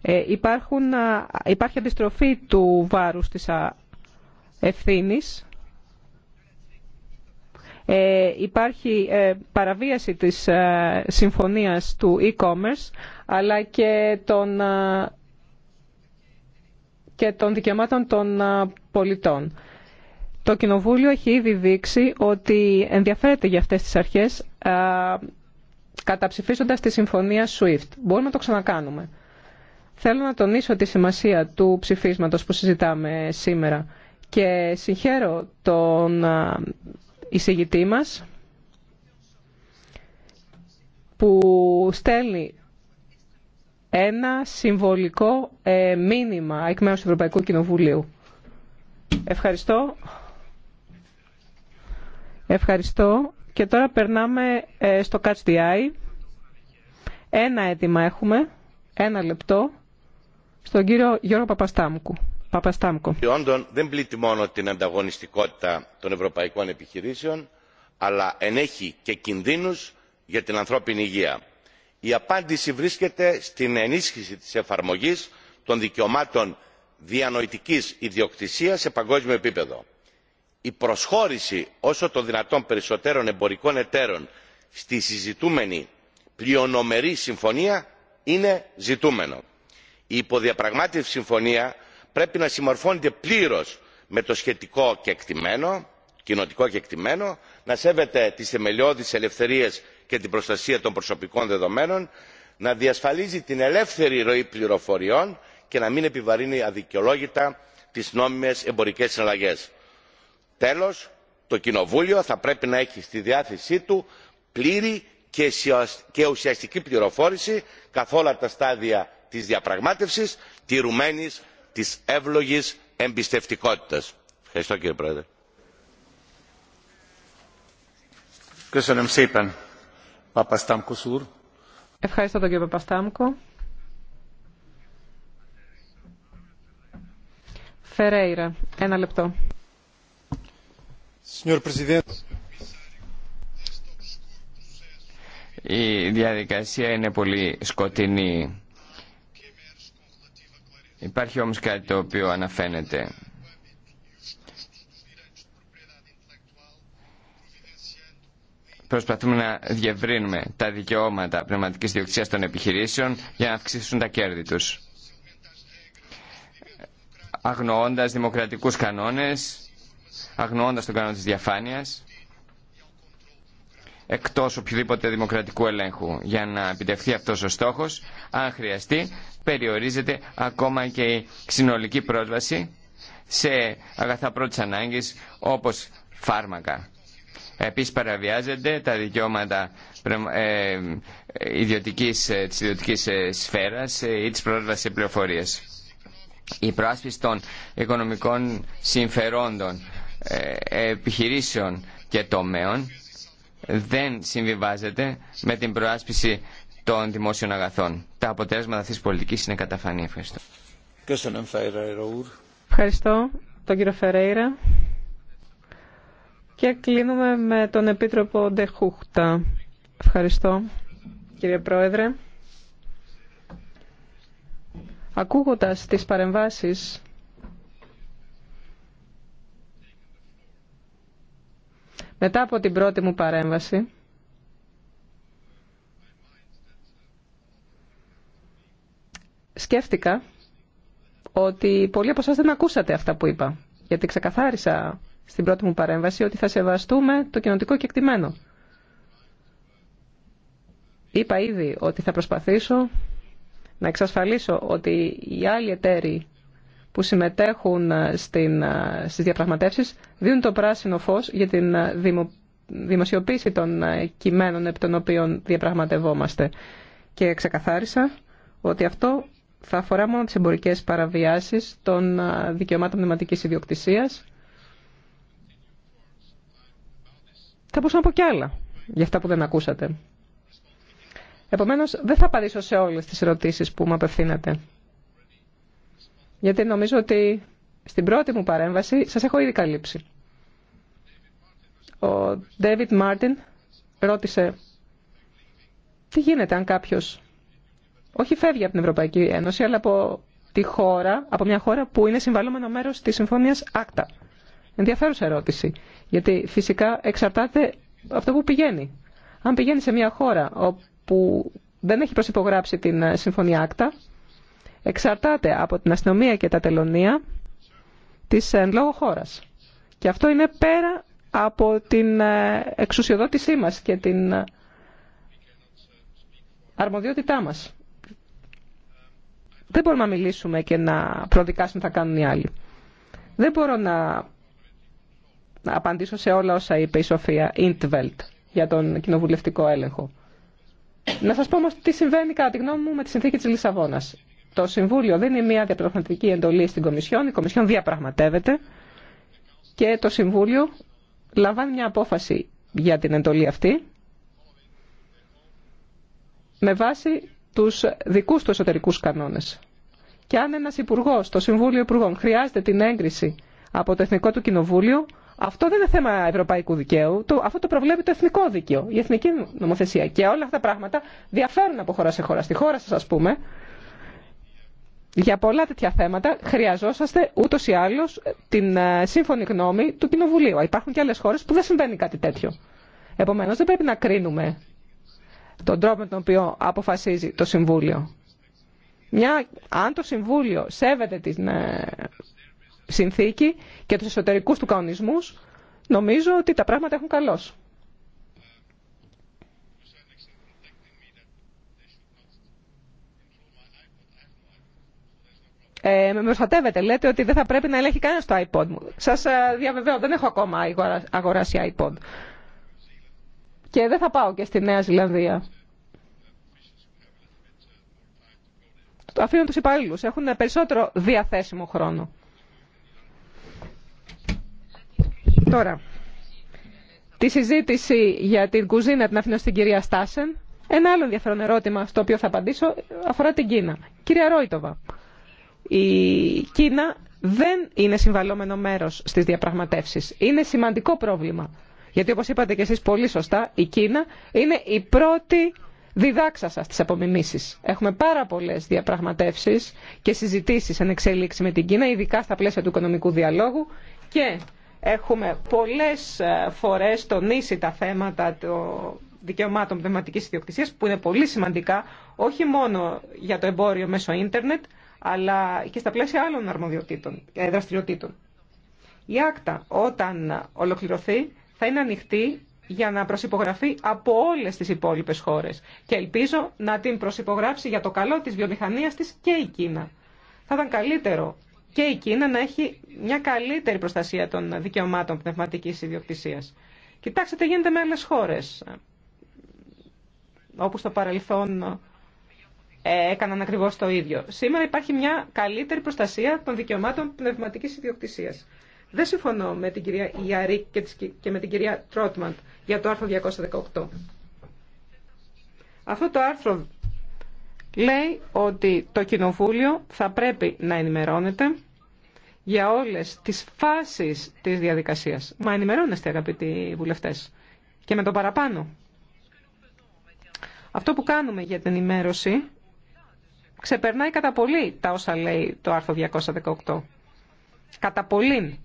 ε, υπάρχουν, υπάρχει αντιστροφή του βάρους της ευθύνης ε, υπάρχει ε, παραβίαση της ε, συμφωνίας του e-commerce αλλά και των, και των δικαιωμάτων των πολιτών. Το Κοινοβούλιο έχει ήδη δείξει ότι ενδιαφέρεται για αυτές τις αρχές καταψηφίζοντας τη συμφωνία SWIFT. Μπορούμε να το ξανακάνουμε. Θέλω να τονίσω τη σημασία του ψηφίσματος που συζητάμε σήμερα και συγχαίρω τον εισηγητή μας που στέλνει ένα συμβολικό ε, μήνυμα εκ μέρους του Ευρωπαϊκού Κοινοβουλίου. Ευχαριστώ. Ευχαριστώ. Και τώρα περνάμε ε, στο Catch the Eye. Ένα αίτημα έχουμε, ένα λεπτό, στον κύριο Γιώργο Παπαστάμκου. Παπαστάμκο. Όντων δεν πλήττει μόνο την ανταγωνιστικότητα των ευρωπαϊκών επιχειρήσεων, αλλά ενέχει και κινδύνους για την ανθρώπινη υγεία. Η απάντηση βρίσκεται στην ενίσχυση της εφαρμογής των δικαιωμάτων διανοητικής ιδιοκτησίας σε παγκόσμιο επίπεδο. Η προσχώρηση όσο το δυνατόν περισσότερων εμπορικών εταίρων στη συζητούμενη πλειονομερή συμφωνία είναι ζητούμενο. Η υποδιαπραγμάτευση συμφωνία πρέπει να συμμορφώνεται πλήρω με το σχετικό κεκτημένο, κοινοτικό κεκτημένο, να σέβεται τι θεμελιώδει ελευθερίε και την προστασία των προσωπικών δεδομένων, να διασφαλίζει την ελεύθερη ροή πληροφοριών και να μην επιβαρύνει αδικαιολόγητα τι νόμιμε εμπορικέ συναλλαγέ. Τέλο, το Κοινοβούλιο θα πρέπει να έχει στη διάθεσή του πλήρη και ουσιαστική πληροφόρηση καθ' όλα τα στάδια της διαπραγμάτευσης τηρουμένης της εύλογης εμπιστευτικότητας. Ευχαριστώ κύριε Πρόεδρε. Ευχαριστώ τον κύριο Παπαστάμκο. Φερέιρα, ένα λεπτό. Η διαδικασία είναι πολύ σκοτεινή Υπάρχει όμως κάτι το οποίο αναφαίνεται. Προσπαθούμε να διευρύνουμε τα δικαιώματα πνευματικής διοξίας των επιχειρήσεων για να αυξήσουν τα κέρδη τους. Αγνοώντας δημοκρατικούς κανόνες, αγνοώντας τον κανόνα της διαφάνειας, εκτός οποιοδήποτε δημοκρατικού ελέγχου. Για να επιτευχθεί αυτός ο στόχος, αν χρειαστεί, περιορίζεται ακόμα και η συνολική πρόσβαση σε αγαθά πρώτης ανάγκη όπως φάρμακα. Επίσης παραβιάζεται τα δικαιώματα ε, ιδιωτικής, ε, της ιδιωτικής ε, σφαίρας ή της πρόσβασης σε πληροφορίες. Η της προσβασης σε η προασπιση των οικονομικών συμφερόντων επιχειρήσεων και τομέων δεν συμβιβάζεται με την προάσπιση των δημόσιων αγαθών. Τα αποτέλεσματα αυτή της πολιτικής είναι καταφανή. Ευχαριστώ. Ευχαριστώ τον κύριο Φερέιρα. Και κλείνουμε με τον Επίτροπο Ντεχούχτα. Ευχαριστώ, κύριε Πρόεδρε. Ακούγοντας τις παρεμβάσεις μετά από την πρώτη μου παρέμβαση σκέφτηκα ότι πολλοί από εσά δεν ακούσατε αυτά που είπα. Γιατί ξεκαθάρισα στην πρώτη μου παρέμβαση ότι θα σεβαστούμε το κοινοτικό κεκτημένο. Είπα ήδη ότι θα προσπαθήσω να εξασφαλίσω ότι οι άλλοι εταίροι που συμμετέχουν ε, στην, ε, στις διαπραγματεύσεις δίνουν το πράσινο φως για την ε, δημοσιοποίηση των κειμένων επί των οποίων διαπραγματευόμαστε. Και ξεκαθάρισα ότι αυτό θα αφορά μόνο τις εμπορικές παραβιάσεις των δικαιωμάτων πνευματικής ιδιοκτησίας. Θα μπορούσα να πω κι άλλα για αυτά που δεν ακούσατε. Επομένως, δεν θα απαντήσω σε όλες τις ερωτήσεις που μου απευθύνατε. Γιατί νομίζω ότι στην πρώτη μου παρέμβαση σας έχω ήδη καλύψει. Ο David Μάρτιν ρώτησε τι γίνεται αν κάποιος όχι φεύγει από την Ευρωπαϊκή Ένωση, αλλά από, τη χώρα, από μια χώρα που είναι συμβαλλόμενο μέρος της συμφωνία Άκτα. Ενδιαφέρουσα ερώτηση, γιατί φυσικά εξαρτάται αυτό που πηγαίνει. Αν πηγαίνει σε μια χώρα όπου δεν έχει προσυπογράψει την Συμφωνία Άκτα, εξαρτάται από την αστυνομία και τα τελωνία της εν λόγω χώρα. Και αυτό είναι πέρα από την ε, εξουσιοδότησή μας και την ε, αρμοδιότητά μας δεν μπορούμε να μιλήσουμε και να προδικάσουμε θα κάνουν οι άλλοι. Δεν μπορώ να, να απαντήσω σε όλα όσα είπε η Σοφία Ιντβελτ για τον κοινοβουλευτικό έλεγχο. Να σας πω όμως τι συμβαίνει κατά τη γνώμη μου με τη συνθήκη της Λισαβόνας. Το Συμβούλιο δίνει μια διαπραγματική εντολή στην Κομισιόν, η Κομισιόν διαπραγματεύεται και το Συμβούλιο λαμβάνει μια απόφαση για την εντολή αυτή με βάση τους δικούς του εσωτερικούς κανόνες. Και αν ένας υπουργό, το Συμβούλιο Υπουργών, χρειάζεται την έγκριση από το Εθνικό του Κοινοβούλιο, αυτό δεν είναι θέμα ευρωπαϊκού δικαίου. Το, αυτό το προβλέπει το εθνικό δίκαιο, η εθνική νομοθεσία. Και όλα αυτά τα πράγματα διαφέρουν από χώρα σε χώρα. Στη χώρα σας, ας πούμε, για πολλά τέτοια θέματα χρειαζόσαστε ούτως ή άλλως την ε, σύμφωνη γνώμη του Κοινοβουλίου. Υπάρχουν και άλλες χώρες που δεν συμβαίνει κάτι τέτοιο. Επομένως, δεν πρέπει να κρίνουμε τον τρόπο με τον οποίο αποφασίζει το Συμβούλιο. Μια, αν το Συμβούλιο σέβεται τη ε, συνθήκη και τους εσωτερικούς του κανονισμούς, νομίζω ότι τα πράγματα έχουν καλώς. Ε, με προστατεύετε, λέτε ότι δεν θα πρέπει να ελέγχει κανένα το iPod μου. Σας ε, διαβεβαιώ, δεν έχω ακόμα αγοράσει iPod. Και δεν θα πάω και στη Νέα Ζηλανδία. Αφήνω τους υπαλλήλους. Έχουν περισσότερο διαθέσιμο χρόνο. Τώρα, τη συζήτηση για την κουζίνα την αφήνω στην κυρία Στάσεν. Ένα άλλο ενδιαφέρον ερώτημα στο οποίο θα απαντήσω αφορά την Κίνα. Κυρία Ρόιτοβα, η Κίνα δεν είναι συμβαλόμενο μέρος στις διαπραγματεύσεις. Είναι σημαντικό πρόβλημα. Γιατί όπως είπατε και εσείς πολύ σωστά, η Κίνα είναι η πρώτη διδάξα διδάξασα στις απομιμήσεις. Έχουμε πάρα πολλές διαπραγματεύσεις και συζητήσεις εν εξέλιξη με την Κίνα, ειδικά στα πλαίσια του οικονομικού διαλόγου και έχουμε πολλές ε, φορές τονίσει τα θέματα των δικαιωμάτων πνευματικής ιδιοκτησίας που είναι πολύ σημαντικά όχι μόνο για το εμπόριο μέσω ίντερνετ αλλά και στα πλαίσια άλλων αρμοδιοτήτων, ε, δραστηριοτήτων. Η άκτα όταν ολοκληρωθεί θα είναι ανοιχτή για να προσυπογραφεί από όλες τις υπόλοιπες χώρες. Και ελπίζω να την προσυπογράψει για το καλό της βιομηχανίας της και η Κίνα. Θα ήταν καλύτερο και η Κίνα να έχει μια καλύτερη προστασία των δικαιωμάτων πνευματικής ιδιοκτησίας. Κοιτάξτε τι γίνεται με άλλες χώρες, όπου στο παρελθόν ε, έκαναν ακριβώς το ίδιο. Σήμερα υπάρχει μια καλύτερη προστασία των δικαιωμάτων πνευματικής ιδιοκτησίας. Δεν συμφωνώ με την κυρία Ιαρή και με την κυρία Τρότμαντ για το άρθρο 218. Αυτό το άρθρο λέει ότι το Κοινοβούλιο θα πρέπει να ενημερώνεται για όλες τις φάσεις της διαδικασίας. Μα ενημερώνεστε αγαπητοί βουλευτές και με το παραπάνω. Αυτό που κάνουμε για την ενημέρωση ξεπερνάει κατά πολύ τα όσα λέει το άρθρο 218. Κατά πολύ.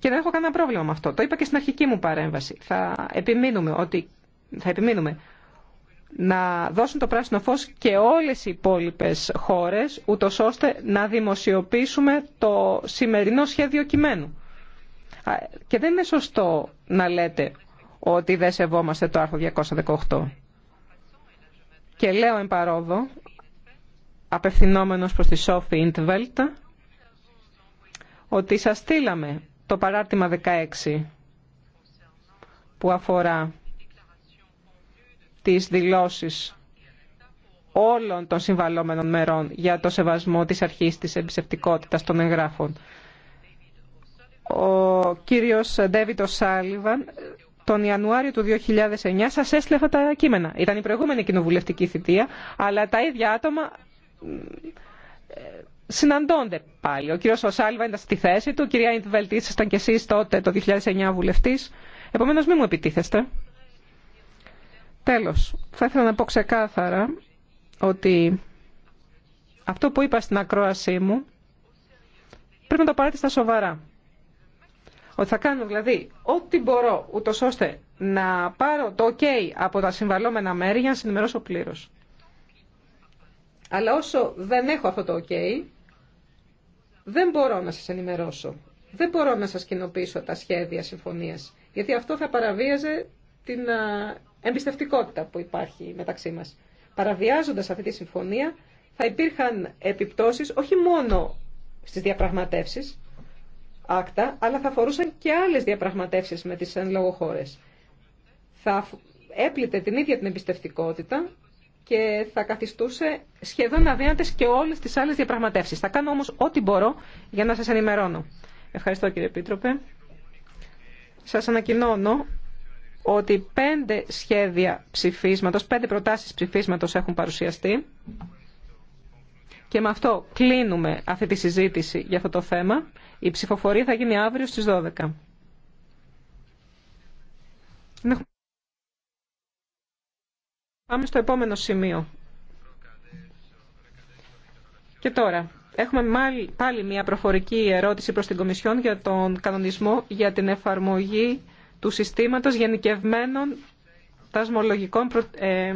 Και δεν έχω κανένα πρόβλημα με αυτό. Το είπα και στην αρχική μου παρέμβαση. Θα επιμείνουμε, ότι, θα επιμείνουμε να δώσουν το πράσινο φως και όλες οι υπόλοιπες χώρες, ούτω ώστε να δημοσιοποιήσουμε το σημερινό σχέδιο κειμένου. Και δεν είναι σωστό να λέτε ότι δεν σεβόμαστε το άρθρο 218. Και λέω εν παρόδο, απευθυνόμενος προς τη Σόφη Ιντβέλτα, ότι σας στείλαμε το παράρτημα 16 που αφορά τις δηλώσεις όλων των συμβαλόμενων μερών για το σεβασμό της αρχής της εμπιστευτικότητας των εγγράφων. Ο κύριος Ντέβιτο Σάλιβαν τον Ιανουάριο του 2009 σας έστειλε τα κείμενα. Ήταν η προηγούμενη κοινοβουλευτική θητεία, αλλά τα ίδια άτομα συναντώνται πάλι. Ο κύριος Σοσάλβα ήταν στη θέση του, κυρία Ιντβελτή ήσασταν και εσεί τότε το 2009 βουλευτή. Επομένως μην μου επιτίθεστε. Τέλος, θα ήθελα να πω ξεκάθαρα ότι αυτό που είπα στην ακρόασή μου πρέπει να το πάρετε στα σοβαρά. Ότι θα κάνω δηλαδή ό,τι μπορώ ούτω ώστε να πάρω το ok από τα συμβαλώμενα μέρη για να συνημερώσω πλήρω. Αλλά όσο δεν έχω αυτό το ok, δεν μπορώ να σας ενημερώσω. Δεν μπορώ να σας κοινοποιήσω τα σχέδια συμφωνίας, γιατί αυτό θα παραβίαζε την εμπιστευτικότητα που υπάρχει μεταξύ μας. Παραβιάζοντας αυτή τη συμφωνία θα υπήρχαν επιπτώσεις όχι μόνο στις διαπραγματεύσεις, άκτα, αλλά θα αφορούσαν και άλλες διαπραγματεύσεις με τις εν λόγω χώρες. Θα έπλητε την ίδια την εμπιστευτικότητα και θα καθιστούσε σχεδόν αδύνατε και όλες τις άλλε διαπραγματεύσεις. Θα κάνω όμω ό,τι μπορώ για να σας ενημερώνω. Ευχαριστώ κύριε Επίτροπε. Σας ανακοινώνω ότι πέντε σχέδια ψηφίσματος, πέντε προτάσεις ψηφίσματος έχουν παρουσιαστεί και με αυτό κλείνουμε αυτή τη συζήτηση για αυτό το θέμα. Η ψηφοφορία θα γίνει αύριο στις 12. Πάμε στο επόμενο σημείο. Και τώρα, έχουμε πάλι μια προφορική ερώτηση προς την Κομισιόν για τον κανονισμό για την εφαρμογή του συστήματος γενικευμένων τασμολογικών ε,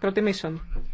προτιμήσεων.